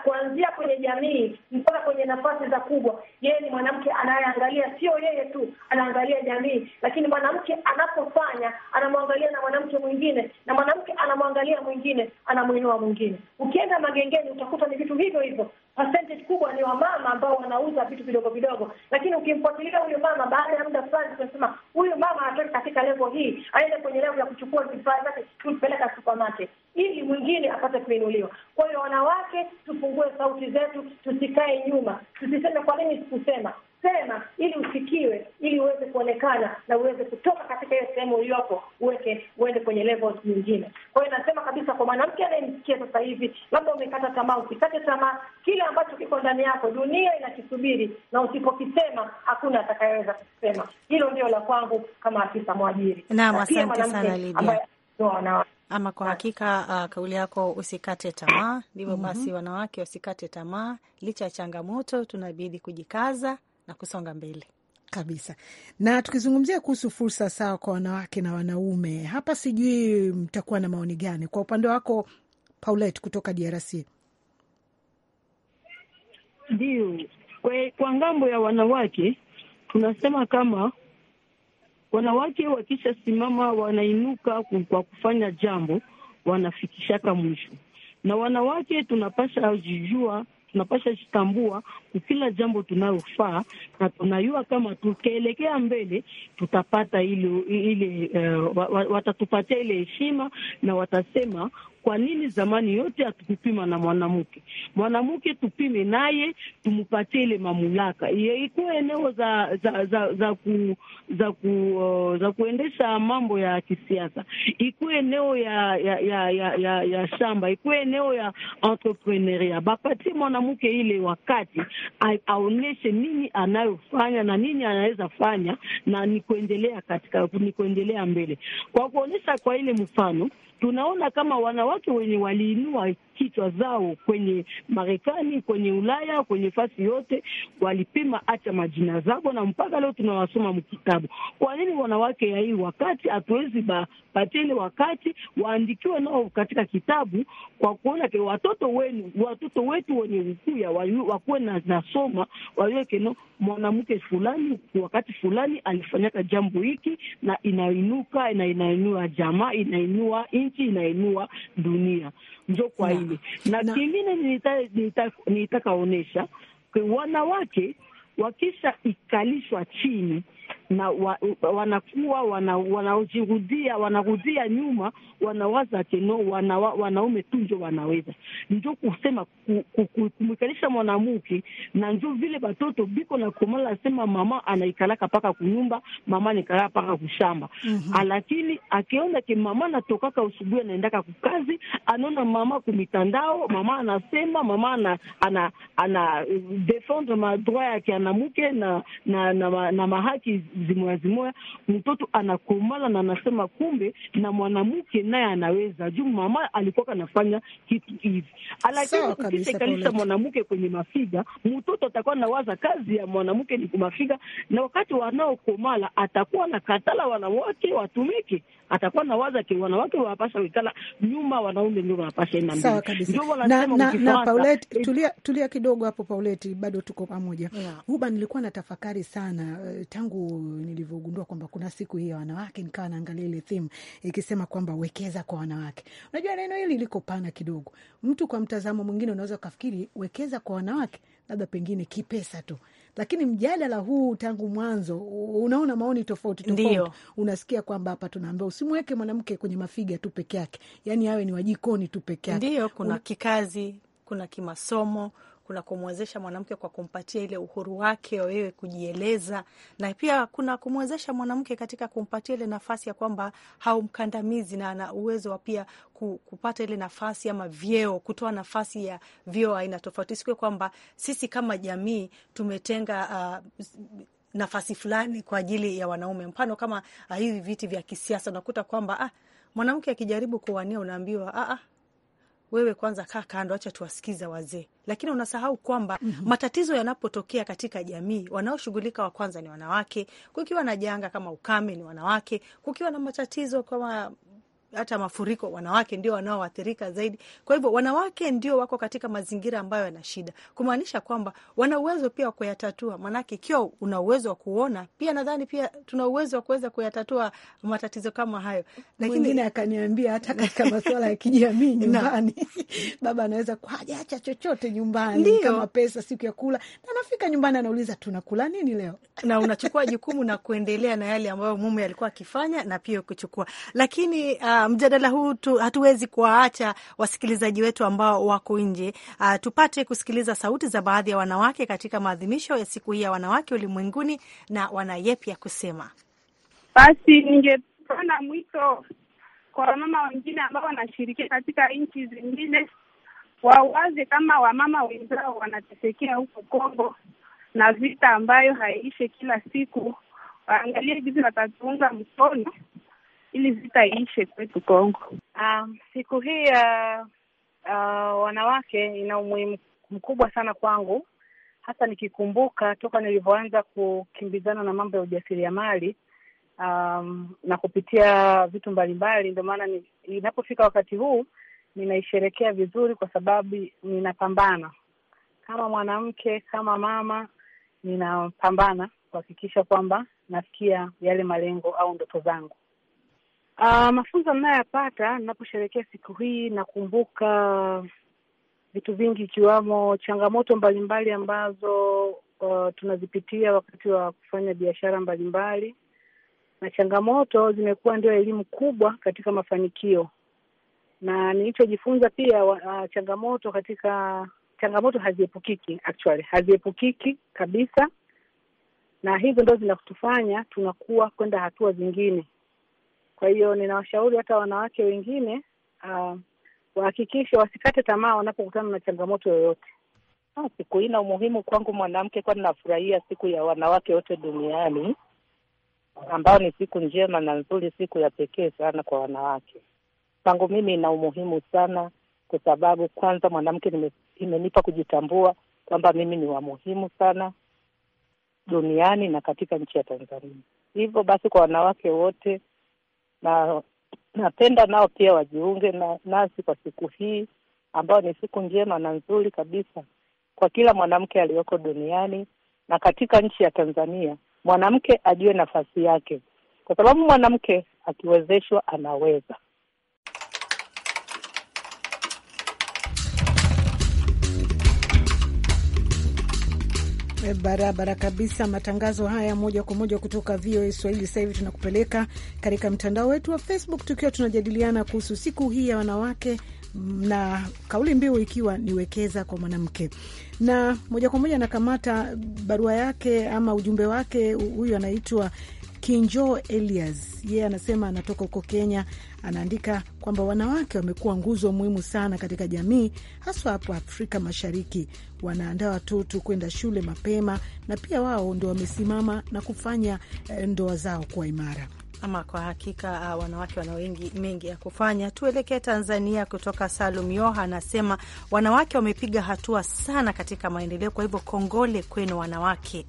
kuanzia kwenye jamii mpaka kwenye nafasi za kubwa, yeye ni mwanamke anayeangalia, sio yeye tu anaangalia jamii, lakini mwanamke anapofanya anamwangalia na mwanamke mwingine, na mwanamke anamwangalia mwingine, anamwinua mwingine. Ukienda magengeni utakuta ni vitu hivyo hivyo. Percentage kubwa ni wamama ambao wanauza vitu vidogo vidogo, lakini ukimfuatilia huyo mama, baada ya muda fulani tunasema huyu mama anatoka katika lengo hii aende kwenye level ya kuchukua vifaa zake kupeleka supermarket ili mwingine apate kuinuliwa. Kwa hiyo wanawake, tufungue sauti zetu, tusikae nyuma, tusiseme kwa nini sikusema sema ili usikiwe, ili uweze kuonekana na uweze kutoka katika hiyo sehemu uliyopo, uweke uende kwenye level nyingine. Kwa hiyo nasema kabisa kwa mwanamke anayemsikia sasa hivi, labda umekata tamaa, usikate tamaa. Kile ambacho kiko ndani yako dunia inakisubiri, na usipokisema hakuna atakayeweza kusema. Hilo ndio la kwangu kama afisa mwajiri. Naam, asante sana Lidia. Ama kwa hakika uh, kauli yako usikate tamaa ndivyo. mm -hmm. Basi wanawake wasikate tamaa, licha ya changamoto tunabidi kujikaza na kusonga mbele kabisa. Na tukizungumzia kuhusu fursa sawa kwa wanawake na wanaume, hapa sijui mtakuwa na maoni gani kwa upande wako Paulette kutoka DRC? Ndio, kwa ngambo ya wanawake tunasema kama wanawake wakishasimama wanainuka kwa kufanya jambo wanafikishaka mwisho, na wanawake tunapasha jijua tunapasha jitambua kukila jambo tunayofaa, na tunayua kama tukielekea mbele tutapata ile ile, uh, watatupatia ile heshima na watasema kwa nini zamani yote hatukupima na mwanamke? Mwanamke tupime naye, tumupatie ile mamlaka, ikuwa eneo za za za za, ku, za, ku, uh, za kuendesha mambo ya kisiasa, ikuwe eneo ya ya ya ya, ya, ya shamba, ikuwe eneo ya entrepreneuria, bapatie mwanamke ile wakati aonyeshe nini anayofanya na nini anaweza fanya na ni kuendelea katika ni kuendelea mbele kwa kuonyesha kwa ile mfano tunaona kama wanawake wenye waliinua kichwa zao kwenye Marekani, kwenye Ulaya, kwenye fasi yote, walipima hata majina zao, na mpaka leo tunawasoma mkitabu. Kwa nini wanawake ya hii wakati hatuwezi bapatia wakati waandikiwe nao katika kitabu, kwa kuona ke watoto wenu, watoto wetu wenye ukuya wakuwe na nasoma, waweke keno mwanamke fulani wakati fulani alifanyaka jambo hiki, na inainuka na inainua jamaa, inainua nchi, inainua dunia. Njo kwa hii mimi. Na kingine nitaka nita, nita, wanawake wakisha ikalishwa chini na wa, wanakuwa wana, wana wanagudia nyuma, wanawaza keno wana, wanaume tu njo wanaweza, njo kusema kumwikalisha ku, ku, mwanamke na njo vile batoto biko na komala asema mama anaikalaka mpaka kunyumba, mama anaikalaka mpaka kushamba mm -hmm. Lakini akiona ke mama anatokaka usubuhi anaendaka kukazi, anaona mama kumitandao, mama anasema mama ana, ana, ana eh, defendre madroit yake anamuke na, na, na, na, na mahaki zimoya zimoya, mtoto anakomala na anasema kumbe na mwanamke naye anaweza juu mama alikuwa kanafanya kitu hivi, lakini ukishaikalisha mwanamke kwenye mafiga, mtoto atakuwa nawaza kazi ya mwanamke ni kumafiga, na wakati wanaokomala atakuwa na katala wanawake watumike, atakuwa nawaza ke wanawake wanapasha wikala nyuma, wanaume ndio wanapasha ina mbele. Na, na, na Paulette, eh, tulia, tulia kidogo hapo Paulette, bado tuko pamoja yeah. Huba, nilikuwa na tafakari sana eh, tangu nilivyogundua kwamba kuna siku hii ya wanawake, nikawa naangalia ile theme ikisema kwamba wekeza kwa wanawake. Unajua neno hili liko pana kidogo, mtu kwa mtazamo mwingine unaweza ukafikiri wekeza kwa wanawake labda pengine kipesa tu, lakini mjadala huu tangu mwanzo unaona maoni tofauti tofauti. Unasikia kwamba hapa tunaambia usimweke mwanamke kwenye mafiga tu peke yake, yani awe ni wajikoni tu peke yake. Ndio, kuna Un... kikazi, kuna kimasomo kuna kumwezesha mwanamke kwa kumpatia ile uhuru wake wewe kujieleza, na pia kuna kumwezesha mwanamke katika kumpatia ile nafasi ya kwamba haumkandamizi na ana uwezo wa pia kupata ile nafasi ama vyeo, kutoa nafasi ya vyeo aina tofauti, sio kwamba sisi kama jamii tumetenga uh, nafasi fulani kwa ajili ya wanaume. Mfano kama uh, hivi viti vya kisiasa, unakuta kwamba ah, mwanamke akijaribu kuwania unaambiwa ah, ah, wewe kwanza kaa kando, acha tuwasikiza wazee. Lakini unasahau kwamba mm -hmm. matatizo yanapotokea katika jamii, wanaoshughulika wa kwanza ni wanawake. Kukiwa na janga kama ukame, ni wanawake. Kukiwa na matatizo kama hata mafuriko, wanawake ndio wanaoathirika zaidi. Kwa hivyo wanawake ndio wako katika mazingira ambayo yana shida, kumaanisha kwamba wana uwezo pia wa kuyatatua. Maanake ikiwa una uwezo wa kuona, pia nadhani pia tuna uwezo wa kuweza kuyatatua matatizo kama hayo. Lakini mwingine akaniambia hata katika masuala ya kijamii nyumbani baba anaweza kuajacha chochote nyumbani Ndiyo. kama pesa, siku ya kula, na anafika nyumbani anauliza tunakula nini leo, na unachukua jukumu na kuendelea na yale ambayo mume alikuwa akifanya na pia kuchukua, lakini uh, mjadala huu tu, hatuwezi kuwaacha wasikilizaji wetu ambao wako nje uh, tupate kusikiliza sauti za baadhi ya wanawake katika maadhimisho ya siku hii ya wanawake ulimwenguni na wanayepya ya kusema. Basi ningepana mwito kwa wamama wengine ambao wanashirikia katika nchi zingine wawaze kama wamama wenzao wanatesekea huko Kongo na vita ambayo haiishe kila siku, waangalie jinsi watatuunga mkono ili vita iishe kwetu Kongo. Um, siku hii ya uh, uh, wanawake ina umuhimu mkubwa sana kwangu, hasa nikikumbuka toka nilivyoanza kukimbizana na mambo ya ujasiriamali um, na kupitia vitu mbalimbali. Ndio maana inapofika wakati huu ninaisherekea vizuri, kwa sababu ninapambana kama mwanamke, kama mama, ninapambana kuhakikisha kwamba nafikia yale malengo au ndoto zangu. Uh, mafunzo mnayoyapata ninaposherehekea siku hii, nakumbuka vitu vingi ikiwamo changamoto mbalimbali ambazo uh, tunazipitia wakati wa kufanya biashara mbalimbali, na changamoto zimekuwa ndio elimu kubwa katika mafanikio, na nilichojifunza pia uh, changamoto katika changamoto haziepukiki, actually haziepukiki kabisa, na hizo ndo zinatufanya tunakuwa kwenda hatua zingine kwa hiyo ninawashauri hata wanawake wengine uh, wahakikishe wasikate tamaa wanapokutana na changamoto yoyote. Ah, siku hii ina umuhimu kwangu mwanamke, kwani nafurahia siku ya wanawake wote duniani ambayo ni siku njema na nzuri, siku ya pekee sana kwa wanawake. Kwangu mimi ina umuhimu sana, kwa sababu kwanza mwanamke imenipa kujitambua kwamba mimi ni wa muhimu sana duniani na katika nchi ya Tanzania. Hivyo basi, kwa wanawake wote na napenda nao pia wajiunge na nasi kwa siku hii ambayo ni siku njema na nzuri kabisa kwa kila mwanamke aliyoko duniani na katika nchi ya Tanzania, mwanamke ajue nafasi yake, kwa sababu mwanamke akiwezeshwa anaweza. Barabara kabisa. Matangazo haya moja kwa moja kutoka VOA Swahili. Sasa hivi tunakupeleka katika mtandao wetu wa Facebook, tukiwa tunajadiliana kuhusu siku hii ya wanawake na kauli mbiu ikiwa ni wekeza kwa mwanamke. Na moja kwa moja anakamata barua yake ama ujumbe wake, huyu anaitwa Kinjo Elias yeye, yeah, anasema anatoka huko Kenya. Anaandika kwamba wanawake wamekuwa nguzo muhimu sana katika jamii, haswa hapo Afrika Mashariki. Wanaandaa watoto kwenda shule mapema, na pia wao ndo wamesimama na kufanya eh, ndoa zao kuwa imara. Ama kwa hakika ah, wanawake wana wengi mengi ya kufanya. Tuelekee Tanzania. Kutoka Salum Yoha anasema wanawake wamepiga hatua sana katika maendeleo, kwa hivyo kongole kwenu wanawake.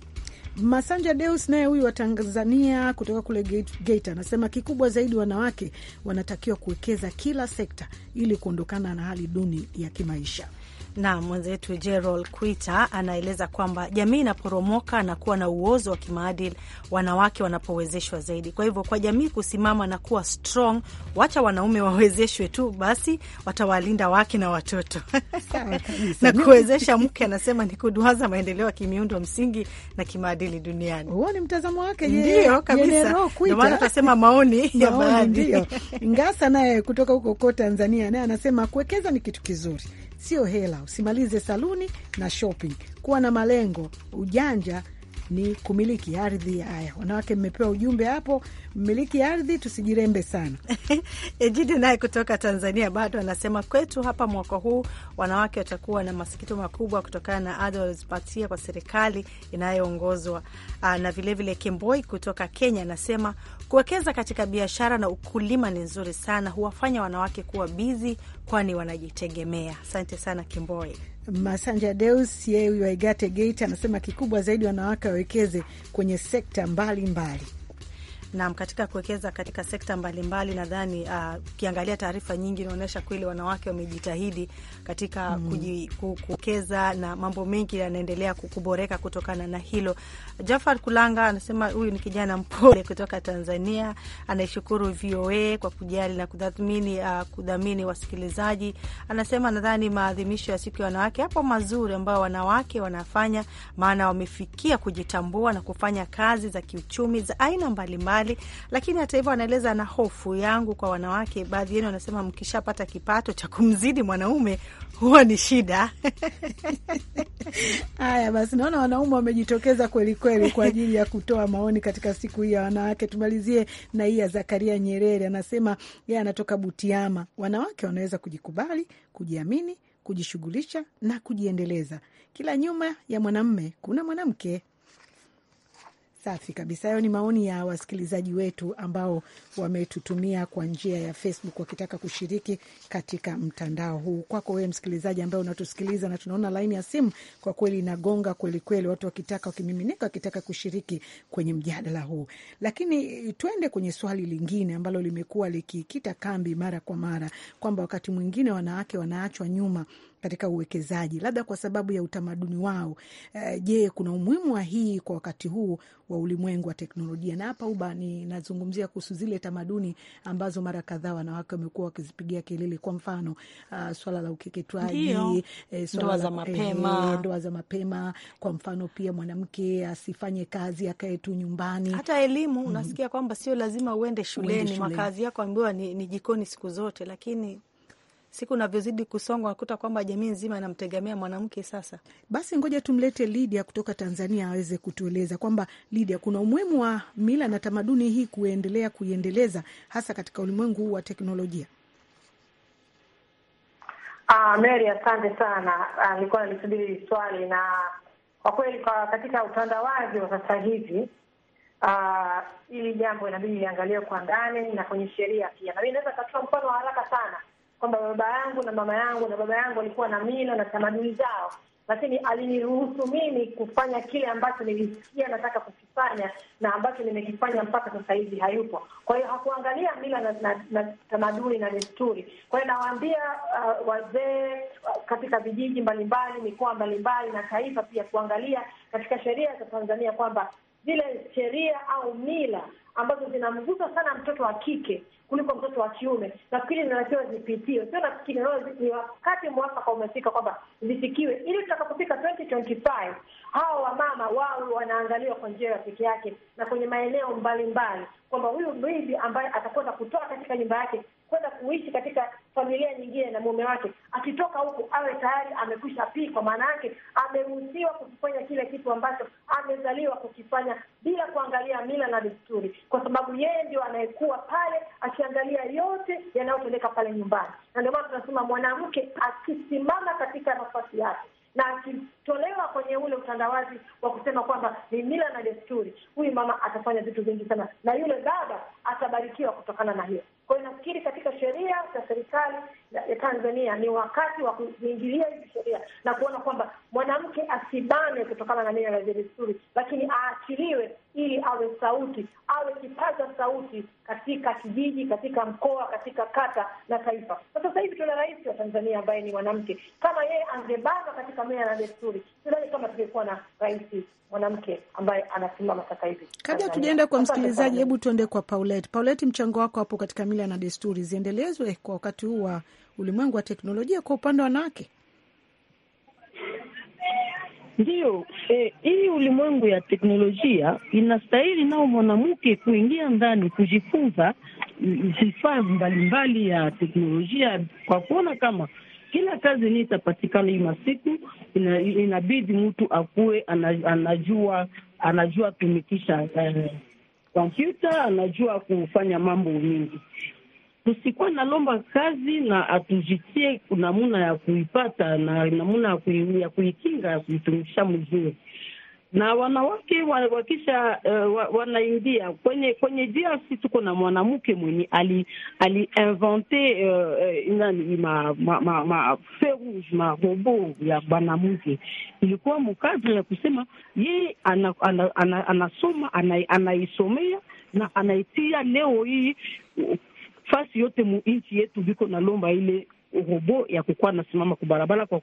Masanja Deus naye huyu wa Tanzania kutoka kule Geita anasema kikubwa zaidi, wanawake wanatakiwa kuwekeza kila sekta ili kuondokana na hali duni ya kimaisha. Na mwenzetu Gerald Quita anaeleza kwamba jamii inaporomoka na kuwa na uozo wa kimaadili wanawake wanapowezeshwa zaidi. Kwa hivyo, kwa jamii kusimama na kuwa strong, wacha wanaume wawezeshwe tu, basi watawalinda wake na watoto na kuwezesha mke, anasema ni kuduaza maendeleo ya kimiundo msingi na kimaadili duniani. Huo ni mtazamo wake, ndio kabisa, ndio maana tunasema maoni ya baadhi. Ngasa naye kutoka huko ko Tanzania naye anasema kuwekeza ni kitu kizuri sio hela. Usimalize saluni na shopping. Kuwa na malengo, ujanja ni kumiliki ardhi. Haya, wanawake mmepewa ujumbe hapo, mmiliki ardhi, tusijirembe sana. Ejidi naye kutoka Tanzania bado anasema kwetu hapa mwaka huu wanawake watakuwa na masikito makubwa kutokana na ada walizopatia kwa serikali inayoongozwa ah, na vilevile. Kemboi kutoka Kenya anasema kuwekeza katika biashara na ukulima ni nzuri sana, huwafanya wanawake kuwa bizi, kwani wanajitegemea. Asante sana Kemboi. Masanja Deus yeye Waigate Geita anasema kikubwa zaidi wanawake wawekeze kwenye sekta mbalimbali mbali. Naam, katika kuwekeza katika sekta mbalimbali nadhani uh, ukiangalia taarifa nyingi inaonyesha kweli wanawake wamejitahidi katika mm. kuwekeza na mambo mengi yanaendelea kuboreka kutokana na hilo. Jafar Kulanga anasema huyu ni kijana mpole kutoka Tanzania, anaishukuru VOA kwa kujali na kudhamini uh, kudhamini wasikilizaji. Anasema nadhani maadhimisho ya siku ya wanawake hapo mazuri ambayo wanawake wanafanya, maana wamefikia kujitambua na kufanya kazi za kiuchumi za aina mbalimbali mbali mbali, lakini hata hivyo anaeleza na hofu yangu kwa wanawake. Baadhi yenu wanasema mkishapata kipato cha kumzidi mwanaume huwa ni shida. Haya basi, naona wanaume wamejitokeza kwelikweli kwa ajili ya kutoa maoni katika siku hii ya wanawake. Tumalizie na hii ya Zakaria Nyerere, anasema yeye anatoka Butiama. Wanawake wanaweza kujikubali, kujiamini, kujishughulisha na kujiendeleza. Kila nyuma ya mwanamme kuna mwanamke. Safi kabisa. Hayo ni maoni ya wasikilizaji wetu ambao wametutumia kwa njia ya Facebook wakitaka kushiriki katika mtandao huu. Kwako wewe msikilizaji ambaye unatusikiliza, na tunaona laini ya simu kwa kweli inagonga kwelikweli, watu wakitaka, wakimiminika, wakitaka kushiriki kwenye mjadala huu. Lakini twende kwenye swali lingine ambalo limekuwa likikita kambi mara kwa mara kwamba wakati mwingine wanawake wanaachwa nyuma katika uwekezaji, labda kwa sababu ya utamaduni wao. Uh, je, kuna umuhimu wa hii kwa wakati huu wa ulimwengu wa teknolojia? Na hapa uba ninazungumzia kuhusu zile tamaduni ambazo mara kadhaa wanawake wamekuwa wakizipigia kelele, kwa mfano uh, swala la ukeketwaji, eh, ndoa za eh, mapema, eh, ndoa za mapema. Kwa mfano pia mwanamke asifanye kazi, akae tu nyumbani. Hata elimu unasikia mm mm-hmm. unasikia kwamba sio lazima uende shuleni, shuleni. Makazi yako ambiwa ni, ni jikoni siku zote, lakini siku unavyozidi kusonga nakuta kwamba jamii nzima inamtegemea mwanamke. Sasa basi, ngoja tumlete Lidia kutoka Tanzania aweze kutueleza kwamba, Lidia, kuna umuhimu wa mila na tamaduni hii kuendelea kuiendeleza hasa katika ulimwengu huu wa teknolojia. Ah, Mary, asante sana. Ah, nilikuwa ah, nalisubiri swali, na kwa kweli kwa katika utandawazi wa sasa hivi ah, hili ah, jambo inabidi liangaliwe kwa ndani na kwenye sheria pia, na mimi naweza katoa mfano wa haraka sana kwamba baba yangu na mama yangu na baba yangu walikuwa na mila na tamaduni zao, lakini aliniruhusu mimi kufanya kile ambacho nilisikia nataka kukifanya na ambacho nimekifanya mpaka sasa hivi hayupo. Kwa hiyo hakuangalia mila na, na, na tamaduni na desturi. Kwa hiyo nawaambia uh, wazee uh, katika vijiji mbalimbali, mikoa mbalimbali na taifa pia kuangalia katika sheria za Tanzania kwamba zile sheria au mila ambazo zinamgusa sana mtoto wa kike kuliko mtoto wa kiume, nafikiri zinatakiwa zipitiwe, sio nafikiri, ni wakati mwafaka umefika kwamba zifikiwe, ili tutakapofika 2025 hawa wamama wao wanaangaliwa kwa njia ya peke yake na kwenye maeneo mbalimbali, kwamba huyu bibi ambaye atakwenda kutoa katika nyumba yake kwenda kuishi katika familia nyingine na mume wake, akitoka huku awe tayari amekwisha pii, kwa maana yake ameruhusiwa kukifanya kile kitu ambacho amezaliwa kukifanya bila kuangalia mila na desturi, kwa sababu yeye ndio anayekuwa pale akiangalia yote yanayotendeka pale nyumbani. Na ndio maana tunasema mwanamke akisimama katika nafasi yake na akitolewa kwenye ule utandawazi wa kusema kwamba ni mila na desturi, huyu mama atafanya vitu vingi sana, na yule baba atabarikiwa kutokana na hiyo. Kwa hiyo nafikiri katika sheria za serikali ya Tanzania ni wakati wa kuingilia hizi sheria na kuona kwamba mwanamke asibane kutokana na mila na desturi, lakini aachiliwe ili awe sauti, awe kipaza sauti katika kijiji, katika mkoa, katika kata na taifa. Na sasa hivi tuna rais wa Tanzania ambaye ni mwanamke. Kama yeye angebanwa katika mila na desturi, sidhani kama tungekuwa na rais mwanamke ambaye anasimama sasa hivi. Kabla tujaenda kwa msikilizaji, hebu tuende kwa Paulette. Paulette, mchango wako hapo katika mila na desturi ziendelezwe kwa wakati huu wa ulimwengu wa teknolojia kwa upande wa wanawake. Ndiyo, eh, hii e, ulimwengu ya teknolojia inastahili nao mwanamke kuingia ndani kujifunza mm, mm, vifaa mbalimbali ya teknolojia, kwa kuona kama kila kazi ni itapatikana hii masiku, ina, inabidi mtu akuwe anajua anajua tumikisha kompyuta eh, anajua kufanya mambo mingi. Tusikuwa nalomba kazi na atujitie namuna ya kuipata na namuna ya kuikinga ya kuitumikisha mzuri na wanawake wakisha uh, wanaingia kwenye kwenye DRC, tuko na mwanamke mwenye ali aliinvente uh, eh, eh, nani ma, ma, ma, ma ferouge ya banamuke ilikuwa mkadri ya kusema yeye anasoma ana, ana, ana, ana, anaisomea na anaitia leo hii fasi yote mu nchi yetu, viko na lomba ile robo ya kukuwa nasimama ku barabara kwa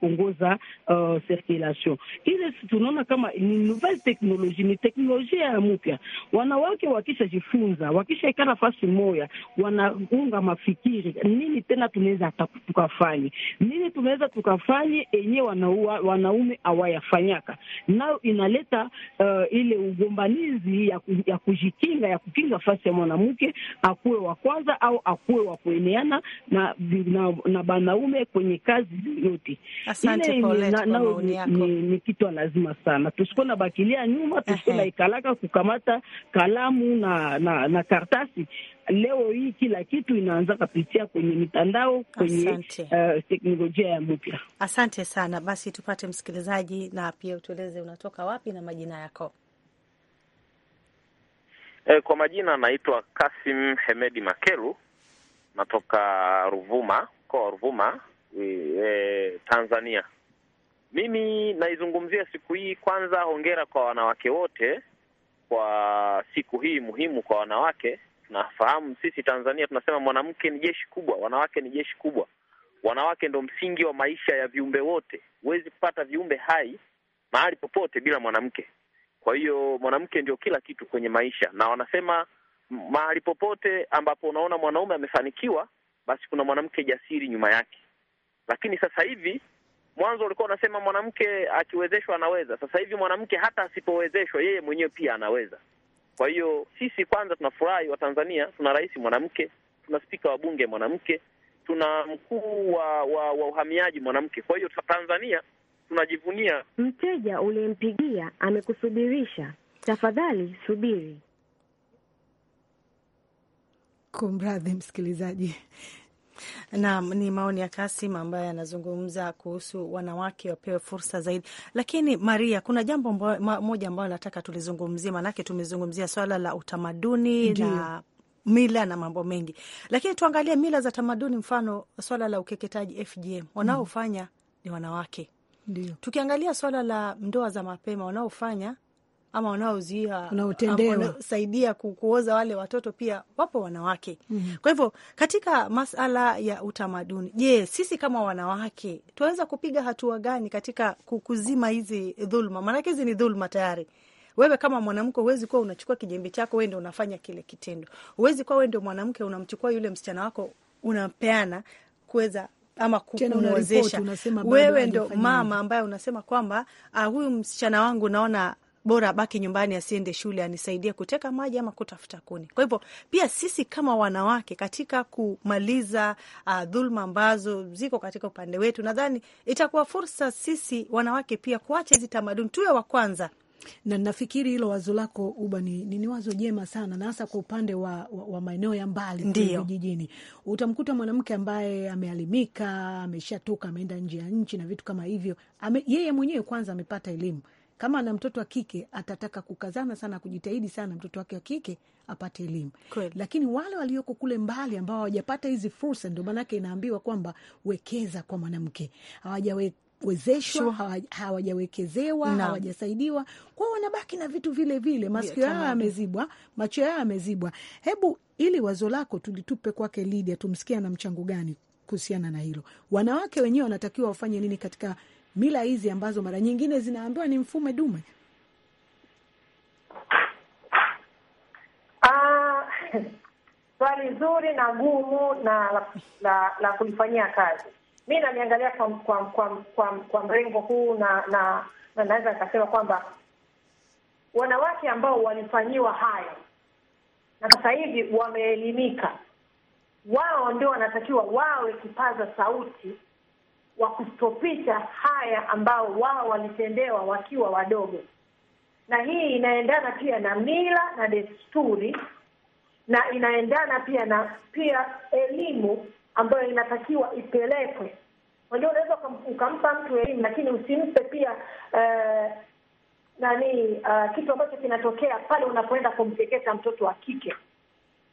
kuongoza uh, circulation ile. Tunaona kama ni nouvelle technologie, ni teknolojia ya mpya. Wanawake wakishajifunza, wakishaikaa nafasi moya, wanaunga mafikiri, nini tena tunaweza tukafanye, nini tunaweza tukafanye enye wanaua, wanaume hawayafanyaka, nayo inaleta uh, ile ugombanizi ya, ya kujikinga ya kukinga fasi ya mwanamke akuwe wa kwanza au akuwe wa kueneana na, na na, banaume kwenye kazi yoyote. Asante Ile ni, ni, ni kitu lazima sana, tusiko na bakilia nyuma, tusiko na ikalaka kukamata kalamu na, na, na kartasi. Leo hii kila kitu inaanza kapitia kwenye mitandao, kwenye uh, teknolojia ya mpya. Asante sana. Basi tupate msikilizaji, na pia utueleze unatoka wapi na majina yako. E, kwa majina naitwa Kasim Hemedi Makelu natoka Ruvuma mkoa wa Ruvuma e, e, Tanzania. Mimi naizungumzia siku hii kwanza, hongera kwa wanawake wote kwa siku hii muhimu kwa wanawake. Nafahamu sisi Tanzania tunasema mwanamke ni jeshi kubwa, wanawake ni jeshi kubwa. Wanawake ndo msingi wa maisha ya viumbe wote. Huwezi kupata viumbe hai mahali popote bila mwanamke. Kwa hiyo mwanamke ndio kila kitu kwenye maisha, na wanasema mahali popote ambapo unaona mwanaume amefanikiwa basi kuna mwanamke jasiri nyuma yake. Lakini sasa hivi, mwanzo ulikuwa unasema mwanamke akiwezeshwa anaweza. Sasa hivi mwanamke hata asipowezeshwa, yeye mwenyewe pia anaweza. Kwa hiyo sisi kwanza tunafurahi Watanzania, tuna rais mwanamke, tuna spika wa bunge mwanamke, tuna mkuu wa, wa, wa uhamiaji mwanamke. Kwa hiyo Tanzania tunajivunia. Mteja uliyempigia amekusubirisha, tafadhali subiri. Kumradhi msikilizaji. Naam, ni maoni ya Kasim ambaye anazungumza kuhusu wanawake wapewe fursa zaidi. Lakini Maria, kuna jambo ma, moja ambayo nataka tulizungumzie, maanake tumezungumzia swala la utamaduni Ndiyo. na mila na mambo mengi, lakini tuangalie mila za tamaduni, mfano swala la ukeketaji FGM wanaofanya mm. ni wanawake Ndiyo. Tukiangalia swala la ndoa za mapema wanaofanya ama wanaozuia wanaosaidia kuoza wale watoto pia wapo wanawake. Mm. -hmm. Kwa hivyo katika masala ya utamaduni, je, sisi kama wanawake tunaweza kupiga hatua gani katika kuzima hizi dhuluma? Maanake hizi ni dhuluma tayari. Wewe kama mwanamke huwezi kuwa unachukua kijembe chako wewe ndo unafanya kile kitendo. Huwezi kuwa wewe ndo mwanamke unamchukua yule msichana wako unampeana kuweza ama kumwezesha. Wewe ndo mama ambaye unasema kwamba uh, huyu msichana wangu naona bora abaki nyumbani asiende shule anisaidie kuteka maji ama kutafuta kuni. Kwa hivyo pia sisi kama wanawake katika kumaliza uh, dhulma ambazo ziko katika upande wetu, nadhani itakuwa fursa sisi wanawake pia kuacha hizi tamaduni, tuwe wa kwanza na nafikiri hilo wazo lako Uba ni, ni wazo jema sana, na hasa kwa upande wa, wa, wa maeneo ya mbali vijijini. Utamkuta mwanamke ambaye amealimika, ameshatoka, ameenda nje ya nchi na vitu kama hivyo, ame, yeye mwenyewe kwanza amepata elimu kama ana mtoto wa kike atataka kukazana sana kujitahidi sana mtoto wake wa kike apate elimu, lakini wale walioko kule mbali ambao hawajapata hizi fursa, ndio maanake inaambiwa kwamba wekeza kwa mwanamke, hawajawe wezeshwa sure. Hawajawekezewa, hawajasaidiwa, kwa wanabaki na vitu vile vile, masikio yao yamezibwa, macho yao yamezibwa. Hebu ili wazo lako tulitupe kwake Lidia, tumsikia na mchango gani kuhusiana na hilo. Wanawake wenyewe wanatakiwa wafanye nini katika mila hizi ambazo mara nyingine zinaambiwa ni mfume dume? Ah, swali ah, zuri na gumu na la, la, la kulifanyia kazi. Mi naliangalia kwa, kwa, kwa, kwa, kwa mrengo huu na na, na naweza nikasema kwamba wanawake ambao walifanyiwa hayo na sasa hivi wameelimika, wao ndio wanatakiwa wawe kipaza sauti wa kustopisha haya ambao wao walitendewa wakiwa wadogo, na hii inaendana pia na mila na desturi na inaendana pia na pia elimu ambayo inatakiwa ipelekwe. Unajua, unaweza ukampa mtu elimu lakini usimpe pia eh, nani uh, kitu ambacho kinatokea pale unapoenda kumkeketa mtoto wa kike.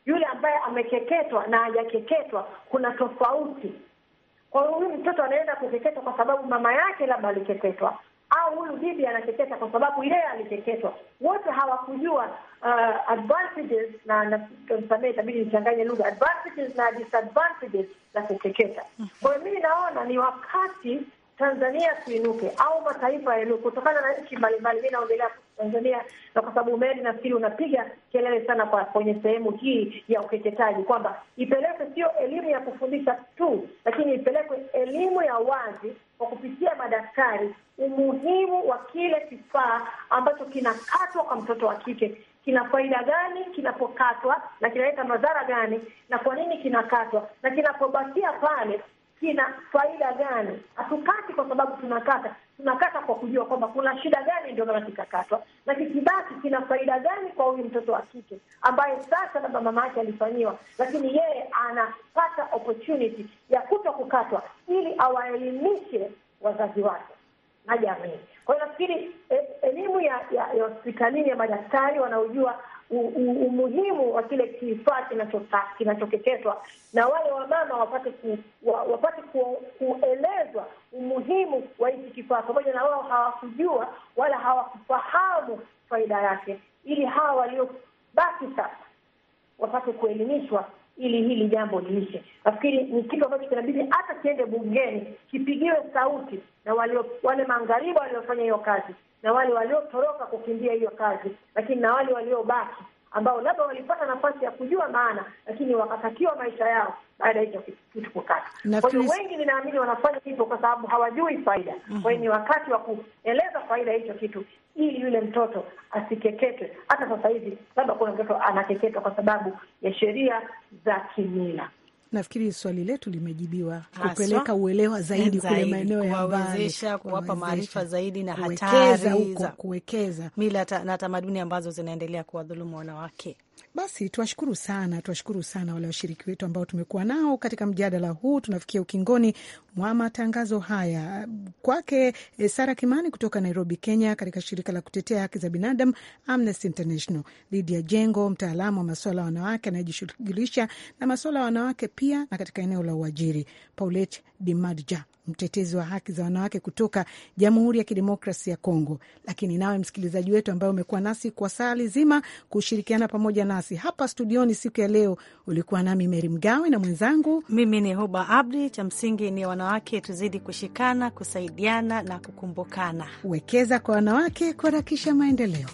Yule ambaye amekeketwa na hajakeketwa kuna tofauti. Kwa hiyo huyu mtoto anaenda kukeketwa kwa sababu mama yake labda alikeketwa, au huyu bibi anakeketa kwa sababu yeye alikeketwa. Wote hawakujua uh, advantages na msamehe, itabidi nichanganye lugha, advantages na disadvantages za kukeketa. Mm. Kwa hiyo mimi naona ni wakati Tanzania tuinuke au mataifa yaliyo kutokana na nchi mbalimbali. Mi naongelea Tanzania na kwa sababu Meri nafikiri unapiga kelele sana kwa kwenye sehemu hii ya ukeketaji, kwamba ipelekwe sio elimu ya kufundisha tu, lakini ipelekwe elimu ya wazi kwa kupitia madaktari, umuhimu wa kile kifaa ambacho kinakatwa kwa mtoto wa kike kina faida gani kinapokatwa, na kinaleta madhara gani, na kwa nini kinakatwa, na kinapobakia pale kina faida gani? Hatukati kwa sababu tunakata, tunakata kwa kujua kwamba kuna shida gani, ndio maana kikakatwa. Na kikibaki kina faida gani kwa huyu mtoto wa kike ambaye sasa labda mama yake alifanyiwa, lakini yeye anapata opportunity ya kuto kukatwa, ili awaelimishe wazazi wake na jamii. Kwa hiyo nafikiri eh, elimu ya hospitalini ya, ya madaktari wanaojua umuhimu wa kile kifaa kinachokeketwa na wale wamama wapate ku, wapate ku, kuelezwa umuhimu wa hiki kifaa, pamoja na wao hawakujua wala hawakufahamu faida yake, ili hawa waliobaki sasa wapate kuelimishwa ili hili jambo liishe. Nafikiri ni kitu ambacho kinabidi hata kiende bungeni kipigiwe sauti na wale, wale magharibi waliofanya hiyo kazi na wale waliotoroka kukimbia hiyo kazi, lakini na wale waliobaki ambao labda walipata nafasi ya kujua maana, lakini wakatakiwa maisha yao baada ya hicho kitu kukata. Kwa hiyo wengi ninaamini wanafanya hivyo kwa sababu hawajui faida. Mhm. Kwa hiyo ni wakati wa kueleza faida ya hicho kitu ili yule mtoto asikeketwe. Hata sasa hivi labda kuna mtoto anakeketwa kwa sababu ya sheria za kimila. Nafikiri swali letu limejibiwa, kupeleka uelewa zaidi kule maeneo ya mbali, kuwapa maarifa zaidi na hatari za kuwekeza mila na tamaduni ambazo zinaendelea kuwadhulumu wanawake. Basi tuwashukuru sana, tuwashukuru sana wale washiriki wetu ambao tumekuwa nao katika mjadala huu. Tunafikia ukingoni mwa matangazo haya. Kwake eh, Sara Kimani kutoka Nairobi, Kenya, katika shirika la kutetea haki za binadamu Amnesty International, Lidia Jengo, mtaalamu wa masuala ya wanawake anayejishughulisha na masuala ya wanawake pia na katika eneo la uajiri, Paulette Dimadja mtetezi wa haki za wanawake kutoka Jamhuri ya Kidemokrasi ya Kongo. Lakini nawe msikilizaji wetu ambaye umekuwa nasi kwa saa lizima kushirikiana pamoja nasi hapa studioni siku ya leo, ulikuwa nami Meri Mgawe na mwenzangu mimi ni Huba Abdi. Cha msingi ni wanawake, tuzidi kushikana, kusaidiana na kukumbukana. Wekeza kwa wanawake, kuharakisha maendeleo.